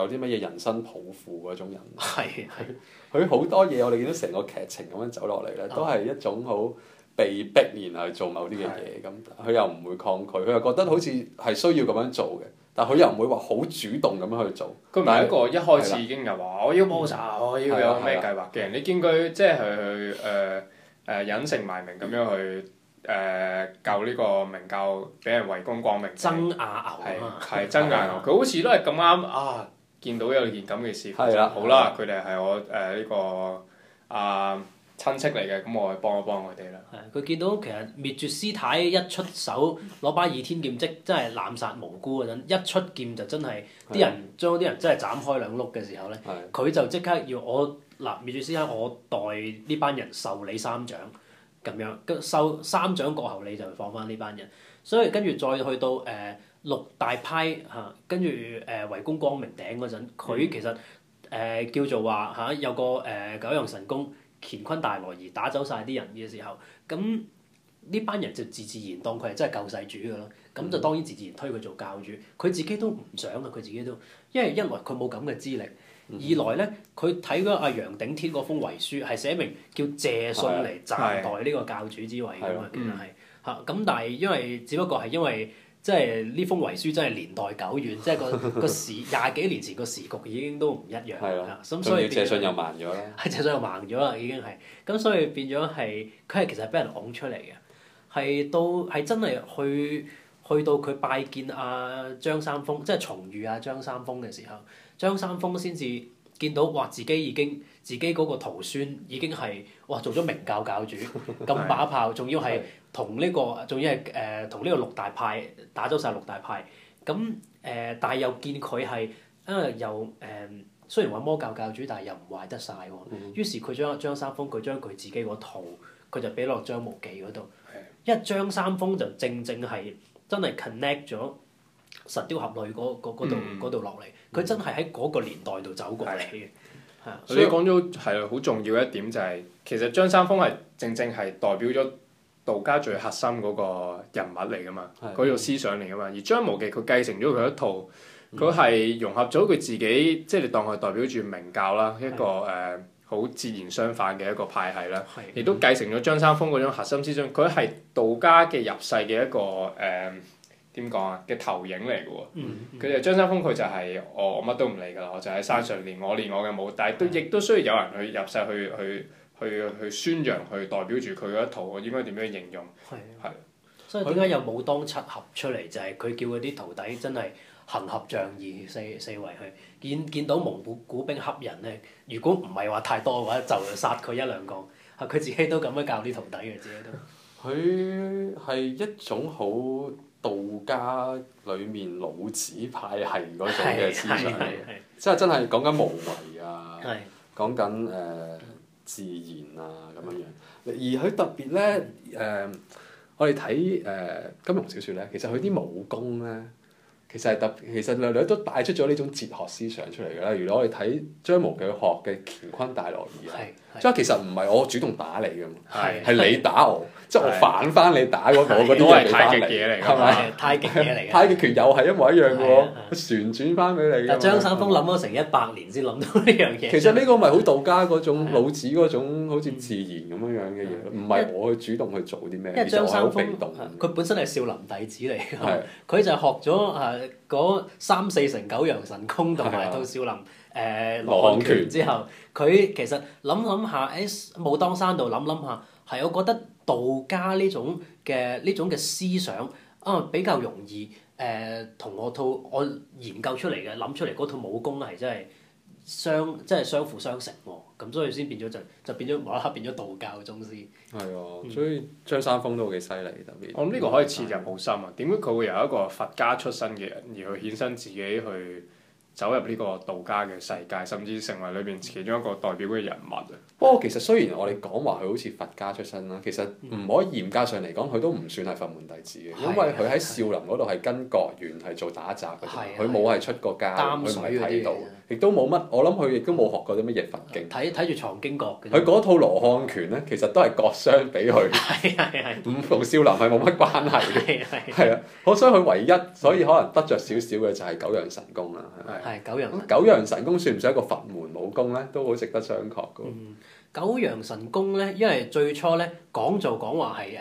有啲乜嘢人生抱負嗰種人。佢好的多嘢，我哋見到成個劇情咁樣走落嚟咧，都係一種好被逼然後去做某啲嘅嘢，咁佢的又唔會抗拒，佢又覺得好似係需要咁樣做嘅，但佢又唔會話好主動咁樣去做。佢唔係一個一開始已經就話的我要報仇，我要有咩計劃嘅人，你見佢即係去去誒誒隱姓埋名咁樣去。誒救呢個明教俾人圍攻光明，曾阿牛啊！係曾阿牛，佢 Right. 好似都係咁啱啊！ent rules 見到有件咁嘅事，好啦，佢哋係我誒呢個啊親戚嚟嘅，咁我幫一幫佢哋啦。係佢見到其實滅絕師太一出手攞把倚天劍即真係濫殺無辜嗰陣，一出劍就真係啲的人將啲人真係斬開兩碌嘅時候呢，佢的就即刻要我嗱滅絕師太，我代呢班人受你三掌。咁樣，跟收三掌過後，你就放翻呢班人。所以跟住再去到誒、呃、六大派嚇，跟住誒圍攻光明頂嗰陣，佢其實誒、呃、叫做話嚇、啊、有個誒、呃、九陽神功、乾坤大挪移打走晒啲人嘅時候，咁呢班人就自自然當佢係真係救世主噶咯。咁就當然自自然推佢做教主，佢自己都唔想啊！佢自己都，因為因為佢冇咁嘅資歷。二來咧，佢睇嗰阿楊頂天嗰封遺書，係寫明叫謝遜嚟暫代呢個教主之位噶嘛，咁、嗯、但係咁，但係因為只不過係因為即係呢封遺書真係年代久遠， [laughs] 即係個個時廿幾年前個時局已經都唔一樣，咁的所以謝遜又盲咗啦。係謝遜又盲咗啦，已經係咁，所以變咗係佢係其實係俾人講出嚟嘅，係到係真係去去到佢拜見阿、啊、張三豐，即係重遇阿、啊、張三豐嘅時候。張三豐先至見到，哇！自己已經自己嗰個徒孫已經係哇做咗明教教主，咁把炮，仲要係同呢個仲要係誒同呢個六大派打咗晒六大派。咁誒、呃，但係又見佢係因為又誒，雖然話魔教教主，但係又唔壞得晒喎。於是佢將張三豐佢將佢自己嗰徒，佢就俾落張無忌嗰度。 [laughs] 因為張三豐就正正係真係 connect 咗神雕俠侶嗰嗰嗰度嗰度落嚟。那個那個佢真係喺嗰個年代度走過嚟嘅，的的所以你講咗係好重要一點就係、是，其實張三豐係正正係代表咗道家最核心嗰個人物嚟噶嘛，嗰的個思想嚟噶嘛。而張無忌佢繼承咗佢一套，佢係的融合咗佢自己，即、就、係、是、你當佢代表住明教啦，的一個誒好截然相反嘅一個派系啦。亦的都繼承咗張三豐嗰種核心思想，佢係道家嘅入世嘅一個誒。Uh, 點講啊？嘅投影嚟嘅喎，佢哋、嗯嗯、張三豐佢就係我乜都唔理㗎啦，我就喺山上練我練、嗯、我嘅武，但係都亦都需要有人去入世去去去去，去宣揚，去代表住佢嗰一套，我應該點樣應用？係的，的所以點解有武當七俠出嚟？就係佢叫嗰啲徒弟真係行俠仗義四四圍去見見到蒙古古兵恰人咧，如果唔係話太多嘅話，就殺佢一兩個。佢自己都咁樣教啲徒弟嘅，自己都。佢係一種好。道家裏面老子派系嗰種嘅思想，即係真係講緊無為啊，講緊誒自然啊咁樣樣。而佢特別咧誒、呃，我哋睇誒金庸小説咧，其實佢啲武功咧，其實係特其實略略都帶出咗呢種哲學思想出嚟㗎啦。如果我哋睇張無忌學嘅《乾坤大挪移》啊，即係其實唔係我主動打你㗎，係你打我。即係我反翻你打我，嗰個都係你翻嚟，係咪？太極嘢嚟，太極拳又係一模一樣嘅喎，旋轉翻俾你。但張三豐諗咗成一百年先諗到呢樣嘢。其實呢個咪好道家嗰種老子嗰種好似自然咁樣樣嘅嘢，唔係我去主動去做啲咩，其實係好被動。張三豐佢本身係少林弟子嚟嘅，佢就學咗誒嗰三四成九陽神功同埋到少林。誒、呃、羅漢拳之後，佢其實諗諗下，誒、哎、武當山度諗諗下，係我覺得道家呢種嘅呢種嘅思想啊、呃、比較容易誒同、呃、我套我研究出嚟嘅諗出嚟嗰套武功係真係相即係相輔相成喎，咁所以先變咗就，就變咗某一刻變咗道教嘅宗師。係啊、嗯，所以張三豐都幾犀利，特別、嗯。我諗呢個可以切入好深啊！點解佢會由一個佛家出身嘅人而去衍生自己去走入呢個道家嘅世界，甚至成為裏面其中一個代表嘅人物。不過其實雖然我哋講話佢好似佛家出身啦，其實唔可以嚴格上嚟講，佢都唔算係佛門弟子嘅，因為佢喺少林嗰度係跟郭元係做打雜嘅，佢冇係出過家，佢唔喺呢度。亦都冇乜，我諗佢亦都冇學過啲乜嘢佛經。睇睇住藏經閣，佢嗰套羅漢拳咧，其實都係郭襄俾佢。係係係。唔同少林係冇乜關係。嘅，係。係啊，所以佢唯一，所以可能得着少少嘅就係九陽神功啦。係。係九陽。九陽神功算唔算一個佛門武功咧？都好值得商榷。嘅。九陽神功咧，因為最初咧講就講話係誒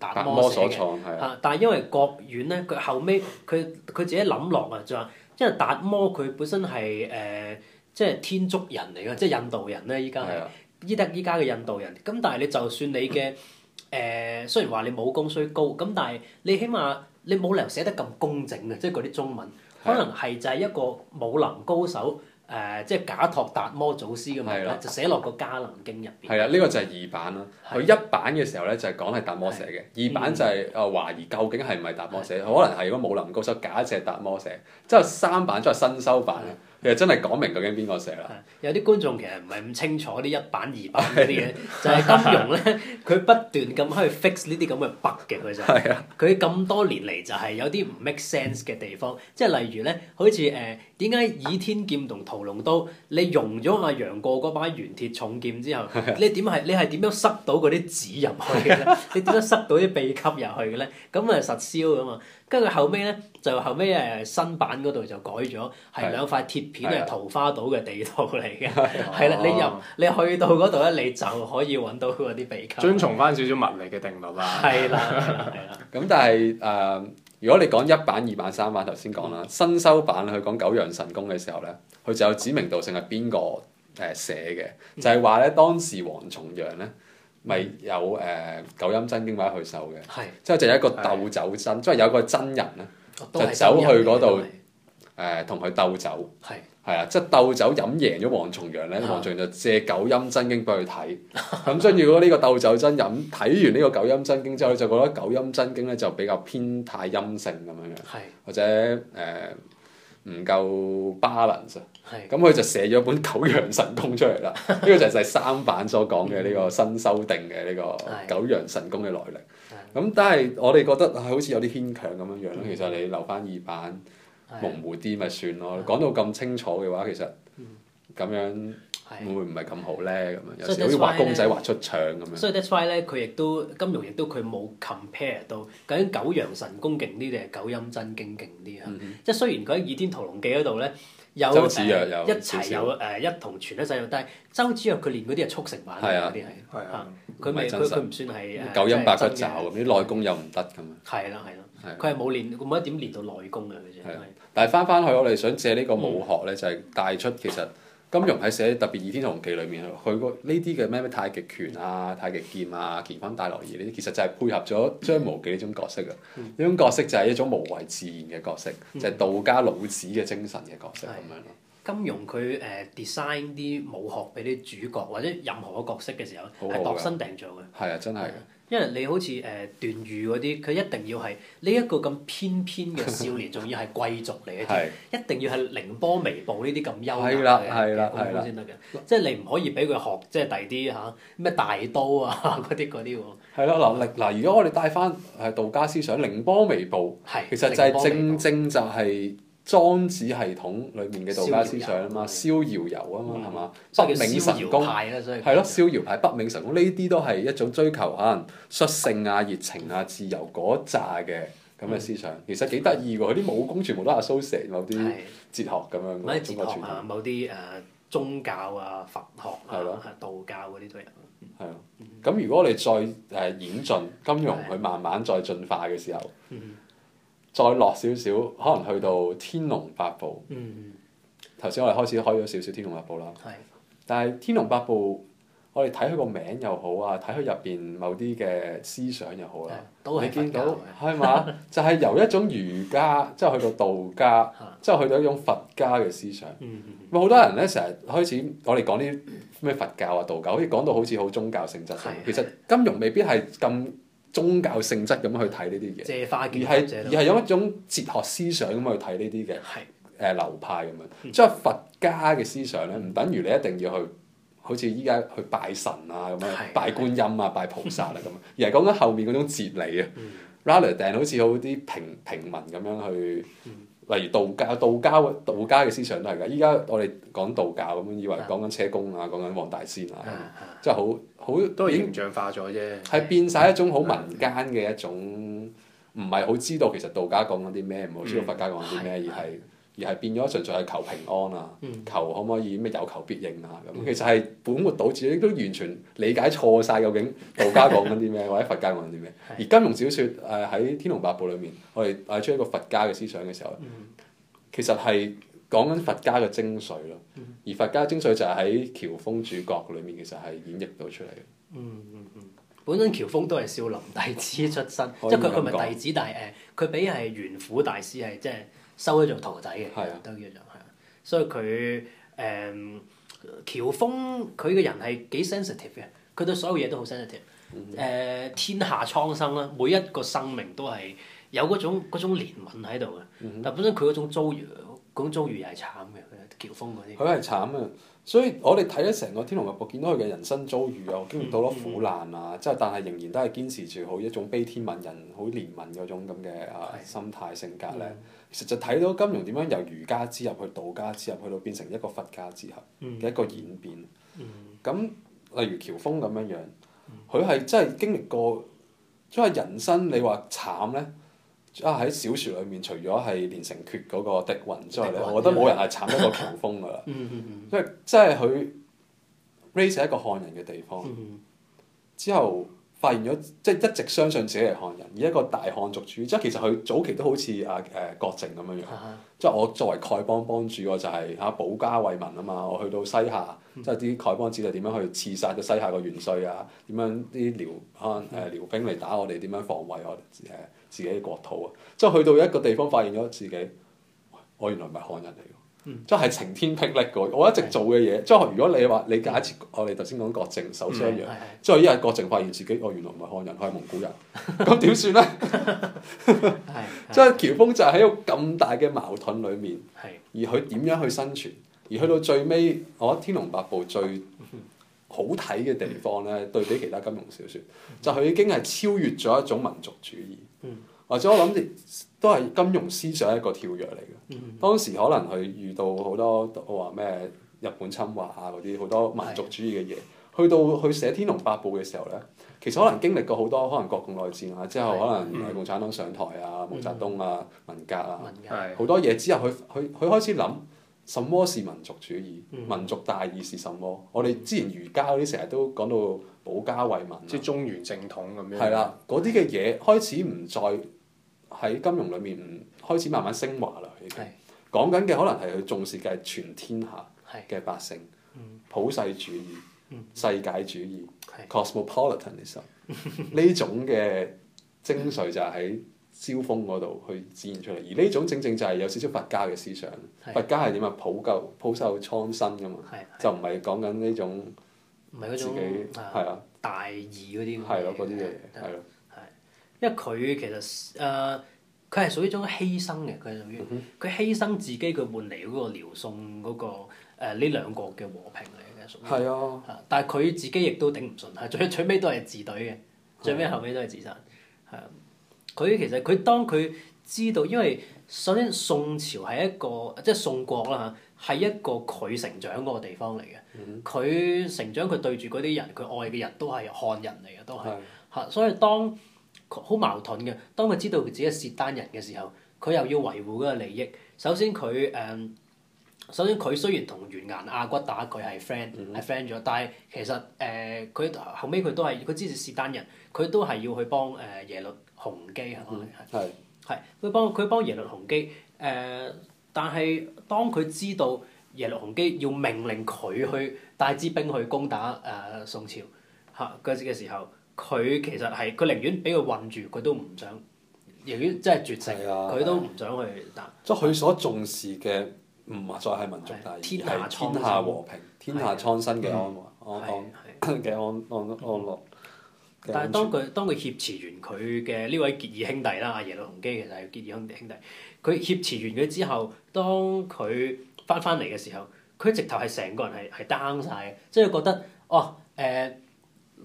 達摩所創係啊，但係因為郭襄咧，佢後尾，佢佢自己諗落啊，就話。因為達摩佢本身係誒、呃，即係天竺人嚟噶，即係印度人咧。依家係，依得依家嘅印度人。咁但係你就算你嘅誒、呃，雖然話你武功需高，咁但係你起碼你冇理由寫得咁工整啊！即係嗰啲中文，可能係就係一個武林高手。誒，即係假託達摩祖師咁樣咧，就寫落個《迦南經》入邊。係啦，呢個就係二版啦。佢一版嘅時候咧，就係講係達摩寫嘅；二版就係啊懷疑究竟係唔係達摩寫，可能係如果武林高手假借達摩寫。之後三版即係新修版咧，其實真係講明究竟邊個寫啦。有啲觀眾其實唔係咁清楚啲一版、二版嗰啲嘢，就係金庸咧，佢不斷咁去 fix 呢啲咁嘅 bug 嘅，佢就佢咁多年嚟就係有啲唔 make sense 嘅地方，即係例如咧，好似誒。點解倚天劍同屠龍刀？你融咗阿楊過嗰把原鐵重劍之後，你點係？你係點樣塞到嗰啲紙入去嘅？ [laughs] 你點樣塞到啲秘笈入去嘅咧？咁啊實燒嘅嘛。跟住後尾咧，就後尾誒新版嗰度就改咗，係兩塊鐵片係桃花島嘅地圖嚟嘅，係啦。你入你去到嗰度咧，你就可以揾到嗰啲秘笈。遵從翻少少物理嘅定律啦。係啦。咁但係誒。嗯如果你講一版、二版、三版，頭先講啦，新修版佢講九陽神功嘅時候咧，佢就有指名道姓係邊個誒寫嘅，嗯、就係話咧當時王重陽咧咪有誒、呃、九陰真經擺佢修嘅，之後就有一個鬥酒僧，即係有個僧人咧就、哦、走去嗰度誒同佢鬥酒。的係啊，即係鬥酒飲贏咗王重陽咧，王重陽就借《九陰真經》俾佢睇。咁跟住，如果呢個鬥酒真飲睇完呢個《九陰真經》之後，就覺得《九陰真經》呢就比較偏太陰性咁樣樣，的或者誒唔、呃、夠 balance 的。咁佢就寫咗本《九陽神功》出嚟啦。呢個、啊、就係三版所講嘅呢個新修訂嘅呢、這個《九陽神功》嘅來歷。咁的、嗯、但係我哋覺得係好似有啲牽強咁樣樣，其實你留翻二版。模糊啲咪算咯，講到咁清楚嘅話，其實咁樣會唔會唔係咁好呢？咁樣有時好似畫公仔畫出腸咁樣。所以 that's why 咧，佢亦都金庸亦都佢冇 compare 到究竟九陽神功勁啲定係九陰真經勁啲啊？即係雖然佢喺《倚天屠龍記》嗰度呢，有周子若有一齊有誒一同傳喺曬，但係周芷若佢練嗰啲係速成版嘅嗰啲係嚇，佢咪佢算唔算係九陰白骨爪咁啲內功又唔得咁啊？係咯係咯。佢係冇練冇乜點練到內功嘅，佢啫。但係翻翻去我哋想借呢個武學呢，嗯、就係帶出其實金庸喺寫特別《倚天屠龍記》裏面，佢個呢啲嘅咩咩太極拳啊、太極劍啊、乾坤大挪移呢啲，其實就係配合咗張無忌呢種角色啊。呢、嗯、種角色就係一種無為自然嘅角色，嗯、就係道家老子嘅精神嘅角色咁樣咯。嗯金庸佢誒 design 啲武學俾啲主角或者任何嘅角色嘅時候係度身定做嘅，係啊，真係。因為你好似誒段譽嗰啲，佢一定要係呢一個咁翩翩嘅少年，仲要係貴族嚟嘅，一定要係凌波微步呢啲咁優雅嘅武功先得嘅。即係你唔可以俾佢學即係第二啲嚇咩大刀啊嗰啲嗰啲喎。係咯，嗱，嗱，如果我哋帶翻係道家思想，凌波微步，其實就係正正就係、是。莊子系統裏面嘅道家思想啊嘛，逍遙遊啊嘛，係嘛？北冥神功，係咯，逍遙派北冥神功呢啲都係一種追求可能率性啊、熱情啊、自由嗰紮嘅咁嘅思想，其實幾得意喎！佢啲武功全部都係蘇醒某啲哲學咁樣。或者哲學啊，某啲誒宗教啊、佛學啊、道教嗰啲都有。係啊，咁如果你再誒演進金融，佢慢慢再進化嘅時候。再落少少，可能去到《天龍八部》嗯。嗯頭先我哋開始開咗少少《天龍八部》啦，係。但係《天龍八部》，我哋睇佢個名又好啊，睇佢入邊某啲嘅思想又好啦、啊。你見到係嘛、嗯？就係、係、由一種儒家，即係去到道家，即係去到一種佛家嘅思想。嗯咪好、嗯、多人咧，成日開始我哋講啲咩佛教啊、道教，好似講到好似好宗教性質。係。其實金庸未必係咁。宗教性質咁去睇呢啲嘢，而係是而係用一種哲學思想咁去睇呢啲嘅，誒是、呃、流派咁樣。即係、嗯、佛家嘅思想咧，唔等於你一定要去，好似依家去拜神啊咁樣，拜觀音啊、拜菩薩啦咁。是 [laughs] 而係講緊後面嗰種哲理啊，rather than 好似好啲平平民咁樣去。嗯例如道教，道教道家嘅思想都係㗎。依家我哋講道教咁，以為講緊車公啊，講緊黃大仙啊，啊啊即係好好都已經形象化咗啫。係變曬一種好民間嘅一種，唔係好知道其實道家講緊啲咩，唔係好知道佛家講啲咩，嗯、而係。而係變咗，純粹係求平安啊！求可唔可以咩有求必應啊？咁其實係本末倒置，都完全理解錯晒究竟道家講緊啲咩， [laughs] 或者佛家講緊啲咩？ [laughs] 而金庸小説誒喺《天龍八部》裏面，我哋帶出一個佛家嘅思想嘅時候，其實係講緊佛家嘅精髓咯。而佛家精髓就係喺喬峯主角裏面，其實係演繹到出嚟、 [laughs] 嗯。嗯本身喬峯都係少林弟子出身， [laughs] 即係佢佢唔係弟子大，但係誒，佢俾係玄苦大師係即係，收咗做徒弟嘅，都叫做係啊，所以佢誒喬峯，佢、嗯、嘅人係幾 sensitive 嘅，佢對所有嘢都好 sensitive。誒、嗯呃、天下蒼生啦，每一個生命都係有嗰種嗰種憐憫喺度嘅。嗯、但本身佢嗰種遭遇，嗰種遭遇又係慘嘅，喬峰嗰啲。佢係慘嘅，所以我哋睇咗成個《天龍八部》，見到佢嘅人生遭遇啊，我經歷到咯苦難啊，即係、嗯嗯、但係仍然都係堅持住好一種悲天憫人、好憐憫嗰種咁嘅啊心態性格咧。實在睇到金庸點樣由儒家之入去道家之入去到變成一個佛家之合嘅一個演變。咁、嗯、例如喬峯咁樣樣，佢係真係經歷過，因、就、為、是、人生你話慘咧，即係喺小説裏面除咗係連城訣嗰個狄雲之外咧，雲我覺得冇人係慘過喬峯噶啦。因為真係佢，raise 一個漢人嘅地方，之後。發現咗即一直相信自己係漢人，而一個大漢族主義，即其實佢早期都好似阿誒郭靖咁樣樣。啊、即我作為丐幫幫主，我就係嚇、啊、保家衛民啊嘛，我去到西夏，嗯、即啲丐幫子就點樣去刺殺咗西夏個元帥啊？點樣啲遼啊誒遼兵嚟打我哋？點樣防衞我誒自己嘅國土啊？即去到一個地方發現咗自己，我原來唔係漢人嚟。即係 [music] 亮晴天霹靂個，我一直做嘅嘢。即係對如果你話你假設 [laughs] 我哋頭先講郭靖受傷嘅，即係依家郭靖發現自己我原來唔係漢人，佢係蒙古人，咁點算呢？即係喬峰就喺一個咁大嘅矛盾裡面，而佢點樣去生存？而去到最尾，我覺得《天龍八部》最好睇嘅地方呢，對比其他金庸小說，就佢、是、已經係超越咗一種民族主義。 [laughs] [music] 或者我諗住都係金庸思想一個跳躍嚟嘅，當時可能佢遇到好多我話咩日本侵華啊嗰啲好多民族主義嘅嘢，去到佢寫《天龍八部》嘅時候咧，其實可能經歷過好多可能國共內戰啊，之後可能共產黨上台啊，毛澤東啊，文革啊，好多嘢之後，佢佢佢開始諗什麼是民族主義，民族大義是什麼？我哋之前儒家嗰啲成日都講到保家衛民，即係中原正統咁樣。係啦，嗰啲嘅嘢開始唔再。喺金庸裏面，開始慢慢升華啦。已經講緊嘅可能係佢重視嘅係全天下嘅百姓，嗯、普世主義、的世界主義、cosmopolitan 呢種呢種嘅精髓就喺蕭峰嗰度去展現出嚟。而呢種正正就係有少少佛教嘅思想，佛教係點啊？普救、普救蒼生噶嘛，就唔係講緊呢種自己係啊大義嗰啲的，係咯嗰啲嘢，係咯。因為佢其實誒，佢、呃、係屬於一種犧牲嘅，佢屬於佢犧牲自己、那個，佢換嚟嗰個遼宋嗰個誒呢兩個嘅和平嚟嘅，屬於嚇。是啊、但係佢自己亦都頂唔順，係最最尾都係自隊嘅，最尾後尾都係自殺，係是啊！佢是、啊、其實佢當佢知道，因為首先宋朝係一個即係宋國啦嚇，係一個佢成長嗰個地方嚟嘅。佢是、啊、成長，佢對住嗰啲人，佢愛嘅人都係漢人嚟嘅，都係嚇。所以當好矛盾嘅，當佢知道自己係契丹人嘅時候，佢又要維護嗰個利益。首先佢誒、嗯，首先佢雖然同完顏阿骨打佢係 friend 係 friend 咗，但係其實誒佢、呃、後尾，佢都係佢支持契丹人，佢都係要去幫誒、呃、耶律洪基啊，係係佢幫佢幫耶律洪基誒，但係當佢知道耶律洪基要命令佢去帶支兵去攻打誒、呃、宋朝嚇嗰陣時嘅時候。佢其實係佢寧願俾佢困住，佢都唔想；寧願即係絕情，佢都唔想去。即係佢所重視嘅唔再係民族大義，係天下和平、天下蒼生嘅安華、安嘅安安安樂。但係當佢當佢挾持完佢嘅呢位結義兄弟啦，啊耶律洪基其實係結義兄弟。佢挾持完佢之後，當佢翻翻嚟嘅時候，佢直頭係成個人係係 down 曬嘅，即係覺得哦誒。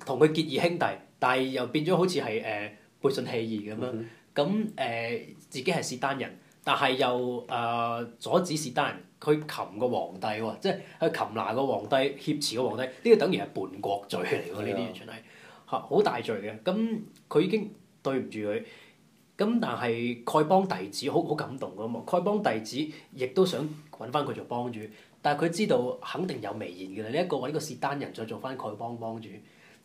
同佢結義兄弟，但係又變咗好似係誒背信棄義咁樣。咁誒、嗯哼呃、自己係契丹人，但係又啊、呃、阻止契丹人，佢擒個皇帝喎，即係佢擒拿個皇帝、挾持個皇帝，呢個等於係叛國罪嚟喎。呢啲嘢完全係嚇好大罪嘅。咁佢已經對唔住佢。咁但係丐幫弟子好好感動噶嘛？丐幫弟子亦都想揾翻佢做幫主，但係佢知道肯定有微言嘅啦。呢一個揾呢個契丹人再做翻丐幫幫主。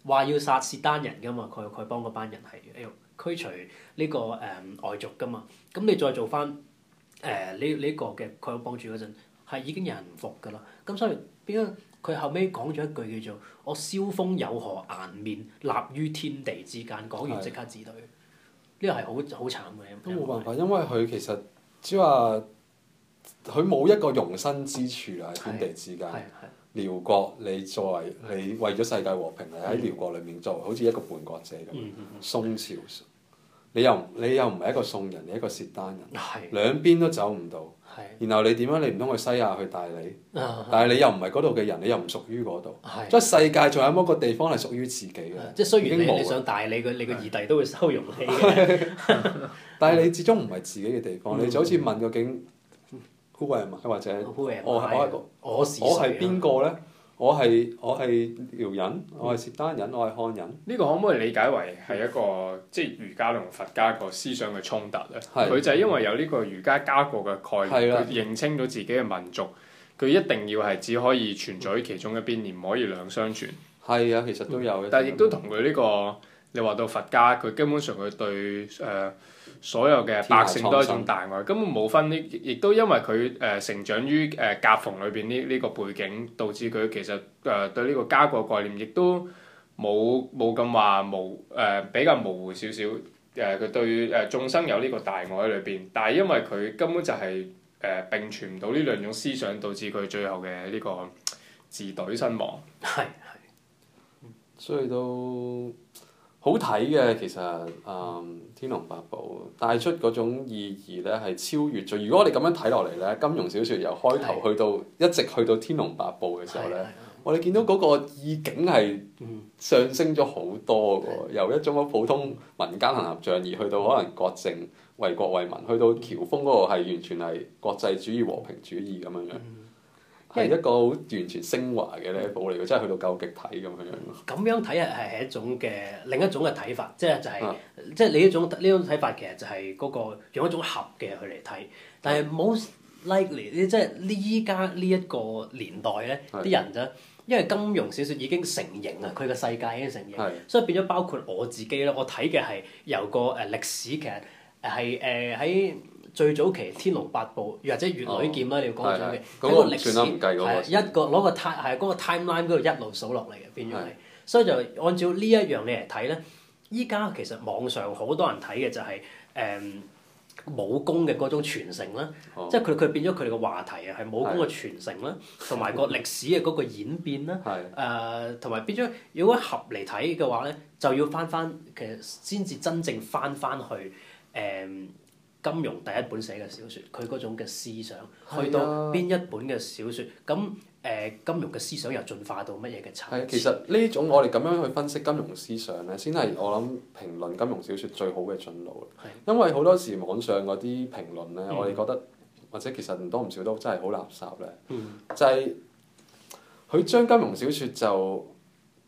話要殺薛丹人噶嘛？佢佢幫嗰班人係誒驅除呢、這個誒、嗯、外族噶嘛？咁你再做翻誒呢呢個嘅，佢、這、有、個、幫主嗰陣係已經有人唔服噶啦。咁所以邊變咗，佢後尾講咗一句叫做：我蕭峰有何顏面立於天地之間？講完即刻自隊。呢個係好好慘嘅。都冇辦法，因為佢其實即係話，佢冇一個容身之處啊！的天地之間。遼國，你作為你為咗世界和平，你喺遼國裏面做，好似一個叛國者咁。宋朝，你又你又唔係一個宋人，你一個契丹人，兩邊都走唔到。然後你點啊？你唔通去西亞去大理？但係你又唔係嗰度嘅人，你又唔屬於嗰度。即係世界仲有一個地方係屬於自己嘅。即係雖然你你想大理你個二弟都會收容你，但係你始終唔係自己嘅地方。你就好似問個景。或者我係個我係邊個咧？我係我係遼人，我係契丹人，我係漢人。呢個可唔可以理解為係一個、嗯、即係儒家同佛家個思想嘅衝突咧？佢是就係因為有呢個儒家家國嘅概念，佢的認清咗自己嘅民族，佢一定要係只可以存在於其中一邊，唔、嗯、可以兩相全。係啊，其實都有嘅。嗯、但係亦都同佢呢個，你話到佛家，佢基本上佢對誒。呃所有嘅百姓都係一種大愛，根本冇分呢，亦都因為佢誒成長於誒夾縫裏邊呢，呢個背景，導致佢其實誒對呢個家國概念亦都冇冇咁話模誒比較模糊少少。誒、呃、佢對誒眾生有呢個大愛喺裏邊，但係因為佢根本就係、是、誒、呃、並存唔到呢兩種思想，導致佢最後嘅呢個自隊身亡。係係，所以都。好睇嘅，其實誒、嗯《天龍八部》帶出嗰種意義呢係超越咗。如果我哋咁樣睇落嚟呢，金庸小說由開頭去到的一直去到《天龍八部》嘅時候呢，的我哋見到嗰個意境係上升咗好多喎，的由一種普通民間行俠仗義而去到可能郭靖為國為民，去到喬峯嗰個係完全係國際主義和平主義咁樣樣。係一個好完全昇華嘅呢部嚟嘅，即係去到究極體咁樣樣。咁樣睇係係一種嘅另一種嘅睇法，即係就係、是啊、即係你呢種呢種睇法，其實就係嗰、那個用一種合嘅去嚟睇。但係 most likely，你即係呢依家呢一個年代呢啲、啊、人就，因為金庸小說已經成型啊，佢個世界已經成型，啊、所以變咗包括我自己啦，我睇嘅係由個誒歷史劇係誒喺。最早期《天龍八部》或者《越女劍》啦、哦，你要講啲咩？喺對個歷史，一個攞個 time 係嗰個 timeline 一路數落嚟嘅，變咗嚟。是的 所以就按照呢一樣你嚟睇咧，依家其實網上好多人睇嘅就係、是、誒、嗯、武功嘅嗰種傳承啦，哦、即係佢佢變咗佢哋嘅話題啊，係武功嘅傳承啦，同埋個歷史嘅嗰個演變啦。係是的、嗯。同埋變咗如果合嚟睇嘅話咧，就要翻翻其實先至真正翻翻去誒。嗯金庸第一本寫嘅小説，佢嗰種嘅思想，去到邊一本嘅小説，咁誒 [noise] 金庸嘅思想又進化到乜嘢嘅層？係其實呢種我哋咁樣去分析金庸思想呢，先係我諗評論金庸小説最好嘅進路。是的 因為好多時網上嗰啲評論呢，嗯、我哋覺得或者其實唔多唔少都真係好垃圾呢。嗯、就係佢將金庸小説就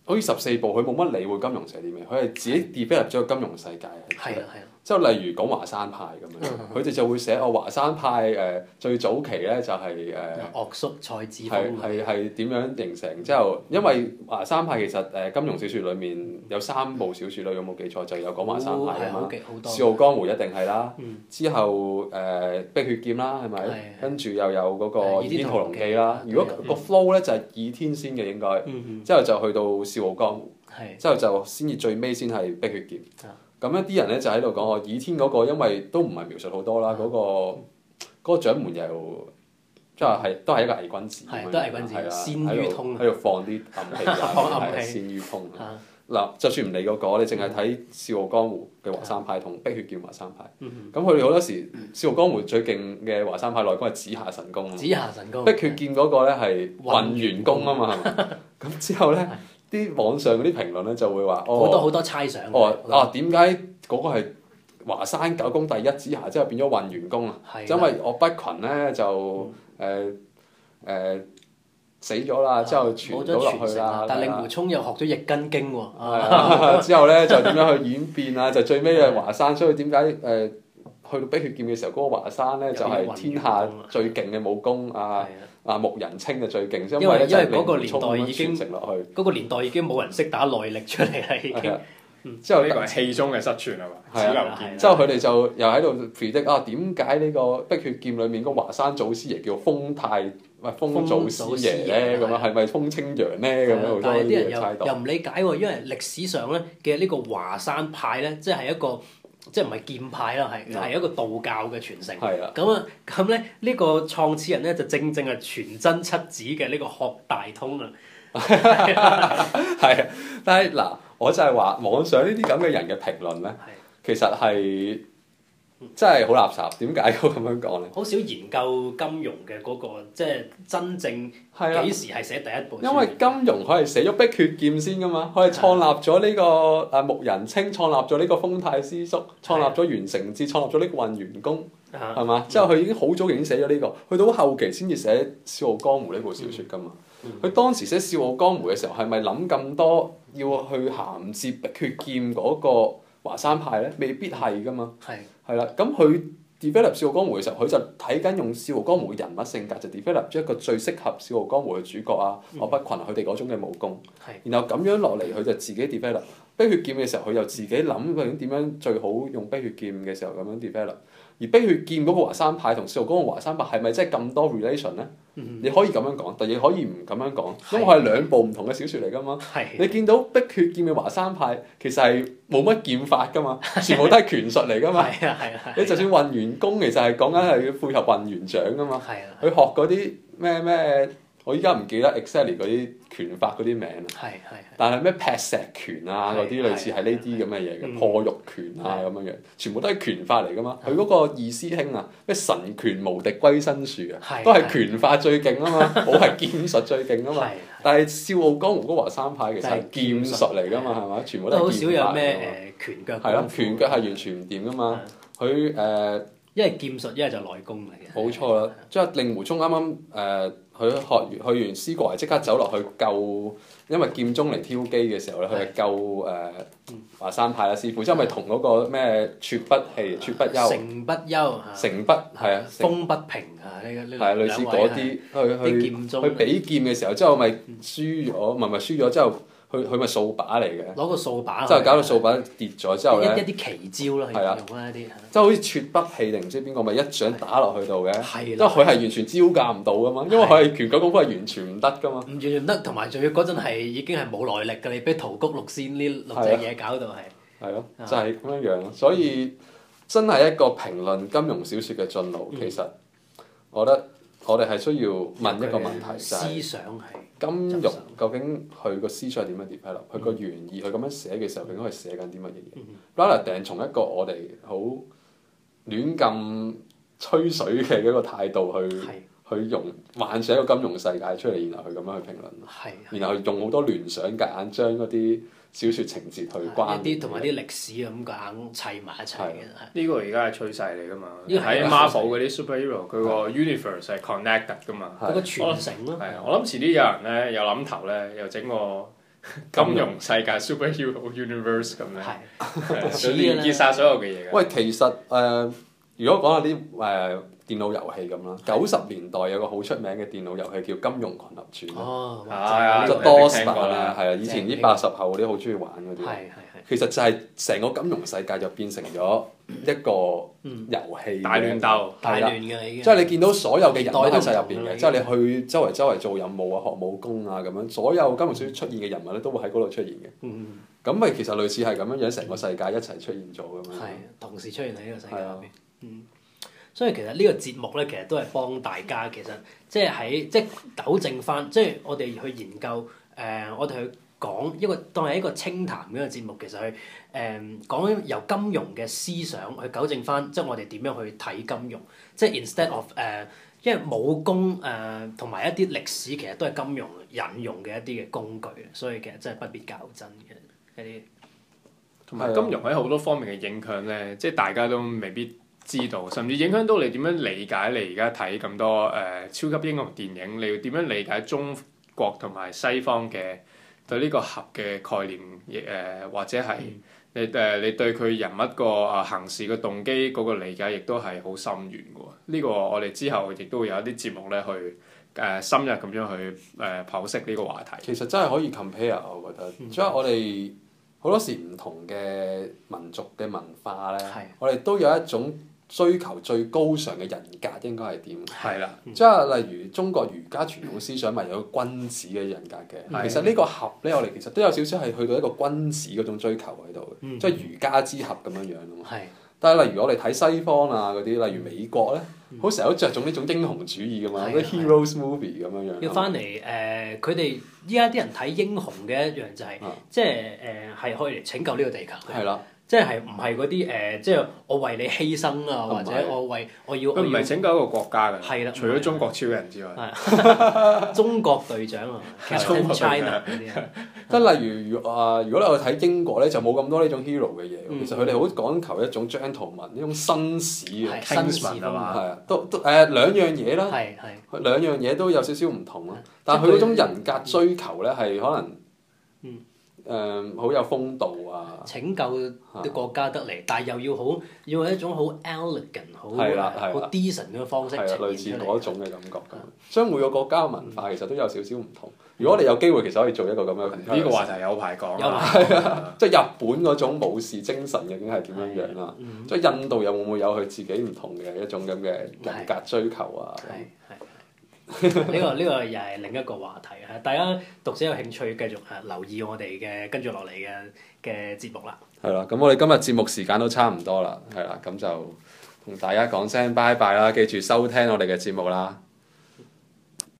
好似十四部，佢冇乜理會金庸寫啲咩，佢係自己 develop 咗個金庸世界。係啊係啊。即係例如講華山派咁樣，佢哋就會寫，哦，華山派誒最早期呢，就係誒岳肅蔡子峰，係係係，點樣形成？之後因為華山派其實誒金庸小説裡面有三部小説啦，有冇記錯？就有講華山派。好，好多。笑傲江湖一定係啦。嗯。之後誒，碧血劍啦，係咪？係。跟住又有嗰個倚天屠龍記啦。如果個 flow 呢，就係倚天先嘅應該。嗯嗯。之後就去到笑傲江湖。係。之後就先至最尾先係碧血劍。咁一啲人呢，就喺度講哦，倚天嗰個因為都唔係描述好多啦，嗰個嗰個掌門又即係係都係一個偽君子，係都偽君子啦，鮮于通喺度放啲暗器，鮮于通嗱，就算唔理嗰個，你淨係睇《笑傲江湖》嘅華山派同碧血劍華山派，咁佢哋好多時《笑傲江湖》最勁嘅華山派內功係紫霞神功，碧血劍嗰個呢，係混元功啊嘛，咁之後呢？啲網上嗰啲評論咧就會話，好多好多猜想哦，啊點解嗰個係華山九宮第一紫霞之下，之後變咗混元功啊？因為岳不群咧就誒誒死咗啦，之後傳咗落去啦。但令狐沖又學咗易筋經喎。之後咧就點樣去演變啊？就最尾嘅華山，所以點解誒去到碧血劍嘅時候，嗰個華山咧就係天下最勁嘅武功啊！啊！穆人清嘅最勁，因為一力年代已傳承落去。嗰個年代已經冇人識打內力出嚟啦，已經。之後呢個係氣宗嘅失傳係嘛？之後佢哋就又喺度 f 的啊，點解呢個碧血劍裏面個華山祖師亦叫風太，唔係風祖師呢？咁樣係咪風清揚呢？咁樣又唔理解喎，因為歷史上呢，嘅呢個華山派呢，即係一個。即係唔係劍派啦，係係一個道教嘅傳承。咁啊，咁咧呢個創始人咧就正正係全真七子嘅呢個郝大通啊。係，但係嗱，我就係話網上呢啲咁嘅人嘅評論咧，其實係。真係好垃圾，點解咁樣講呢？好少研究金庸嘅嗰個，即係真正幾時係寫第一部、啊？因為金庸佢係寫咗《碧血劍》先噶嘛，佢係創立咗呢個誒穆人清，創立咗呢個風太師叔，創立咗袁承志，創立咗呢個混元功，係嘛、啊？之後佢已經好早已經寫咗呢個，去到後期先至寫《笑傲江湖》呢部小說噶嘛。佢、嗯嗯、當時寫《笑傲江湖》嘅時候，係咪諗咁多要去銜接《碧血劍》嗰個？華山派咧，未必係噶嘛，係啦的，咁佢 develop 笑傲江湖嘅時候，佢就睇緊用笑傲江湖嘅人物性格，就 develop 咗一個最適合笑傲江湖嘅主角啊，岳不、嗯、群佢哋嗰種嘅武功，的然後咁樣落嚟，佢就自己 develop 碧血劍嘅時候，佢就自己諗佢點點樣最好用碧血劍嘅時候咁樣 develop。而碧血劍嗰個華山派同笑傲江湖華山派係咪真係咁多 relation 咧？嗯、你可以咁樣講，但亦可以唔咁樣講，因為係兩部唔同嘅小説嚟噶嘛。的你見到碧血劍嘅華山派其實係冇乜劍法噶嘛，全部都係拳術嚟噶嘛。你就算運混元功，其實係講緊係要配合運混元掌噶嘛。佢學嗰啲咩咩？我依家唔記得 exactly 嗰啲拳法嗰啲名啦，但係咩劈石拳啊，嗰啲類似係呢啲咁嘅嘢嘅破玉拳啊咁樣嘅，全部都係拳法嚟噶嘛。佢嗰個二師兄啊，咩神拳無敵歸身術啊，都係拳法最勁啊嘛，冇係劍術最勁啊嘛。但係笑傲江湖嗰個華山派其實係劍術嚟噶嘛，係嘛？全部都好少有咩拳腳。係咯，拳腳係完全唔掂噶嘛。佢誒。一係劍術，一係就是內功嚟嘅。冇錯啦，即、就、係、是、令狐沖啱啱誒，佢、uh, 學完去完思過崖，即刻走落去救，因為劍宗嚟挑機嘅時候咧，佢係 Yeah. 救誒、uh, 華山派啦師傅，即係咪同嗰個咩？絕不棄，絕 [laughs] 不休。成不休。成不係啊。對封不平啊！呢呢兩位係啊，類似嗰啲去劍中 去去比劍嘅時候，之後咪輸咗，咪咪唔輸咗之後。佢佢咪掃把嚟嘅，攞個掃把，即係搞到掃把跌咗之後咧，一啲奇招咯，係用啦一啲，即係好似撮北氣定唔知邊個，咪一掌打落去到嘅，即係佢係完全招架唔到噶嘛，因為佢係拳腳功夫係完全唔得噶嘛，唔完全唔得，同埋仲要嗰陣係已經係冇耐力㗎，你俾桃谷六仙呢六隻嘢搞到係，係咯，就係咁樣樣咯，所以真係一個評論金庸小說嘅進路，其實我覺得。我哋係需要問一個問題，就係金庸究竟佢個思想點樣點啊？佢個原意，佢咁、嗯、樣寫嘅時候，應該係寫緊啲乜嘢嘢？拉丁、嗯、從一個我哋好亂咁吹水嘅一個態度去是的 去用幻想一個金庸世界出嚟，然後去咁樣去評論，是的 然後去用好多聯想，夾硬，硬將嗰啲。小說情節去關一啲同埋啲歷史啊，咁樣硬砌埋一齊嘅，呢個而家係趨勢嚟噶嘛？喺 Marvel 嗰啲 superhero，佢個 universe 係 connected 噶嘛？嗰個傳承咯。係啊，我諗遲啲有人咧又諗頭咧，又整個金融世界 superhero universe 咁樣，連結晒所有嘅嘢。喂，其實誒、呃，如果講下啲誒。呃電腦遊戲咁啦，九十年代有個好出名嘅電腦遊戲叫《金庸群俠傳》，就 DOS 版啦，係啊！以前啲八十後嗰啲好中意玩嗰啲，其實就係成個金庸世界就變成咗一個遊戲大亂鬥，大亂嘅即係你見到所有嘅人物都喺入邊嘅，即係你去周圍周圍做任務啊、學武功啊咁樣，所有金庸書出現嘅人物都會喺嗰度出現嘅。咁咪其實類似係咁樣樣，成個世界一齊出現咗咁樣。同時出現喺呢個世界入邊。所以其實呢個節目咧，其實都係幫大家。其實即係喺即係糾正翻，即係我哋去研究誒、呃，我哋去講一個當係一個清談嗰個節目，其實去誒、呃、講由金庸嘅思想去糾正翻，即係我哋點樣去睇金庸。即係 instead of 誒、呃，因為武功誒同埋一啲歷史其實都係金庸引用嘅一啲嘅工具，所以其實真係不必較真嘅呢啲。同埋有金庸喺好多方面嘅影響咧，即係大家都未必。知道，甚至影響到你點樣理解你而家睇咁多誒、呃、超級英雄電影，你要點樣理解中國同埋西方嘅對呢個俠嘅概念？誒、呃、或者係你誒、呃、你對佢人物個啊、呃、行事嘅動機嗰、那個理解，亦都係好深遠嘅喎。呢個我哋之後亦都會有一啲節目咧去誒、呃、深入咁樣去誒剖析呢個話題。其實真係可以 compare，我覺得，所以、嗯、我哋好多時唔同嘅民族嘅文化咧，的我哋都有一種。追求最高尚嘅人格應該係點？係啦，即係例如中國儒家傳統思想咪有君子嘅人格嘅。其實呢個俠呢，我哋其實都有少少係去到一個君子嗰種追求喺度，即係儒家之俠咁樣樣咯。但係例如我哋睇西方啊嗰啲，例如美國呢，好成日都着重呢種英雄主義㗎嘛，嗰啲 heroes movie 咁樣樣。要翻嚟誒，佢哋依家啲人睇英雄嘅一樣就係，即係誒係可以嚟拯救呢個地球。係啦。即係唔係嗰啲誒？即係我為你犧牲啊，是或者我為我要……佢唔係拯救一個國家㗎，的除咗中國超人之外， [laughs] 中國隊長啊，China 即係例如啊，如果你去睇英國咧，就冇咁多呢種 hero 嘅嘢。嗯、其實佢哋好講求一種 gentleman 呢種紳士啊，紳、嗯、對士啊嘛，係啊，都都誒兩樣嘢啦，兩樣嘢都有少少唔同咯。但係佢嗰種人格追求咧，係可能。誒，好有風度啊！拯救啲國家得嚟，但係又要好，要一種好 elegant、好啦，好 decent 嘅方式。係啊，類似嗰種嘅感覺咁。所以每個國家嘅文化其實都有少少唔同。如果你有機會，其實可以做一個咁樣。呢個話題有排講。有排啊，即係日本嗰種武士精神究竟係點樣樣啦？即係印度有冇會有佢自己唔同嘅一種咁嘅人格追求啊？呢、 [laughs] 呢個、呢個又係另一個話題啊！大家讀者有興趣繼續留意我哋嘅跟住落嚟嘅嘅節目啦。係啦，咁我哋今日節目時間都差唔多啦，係啦，咁就同大家講聲拜拜啦，記住收聽我哋嘅節目啦。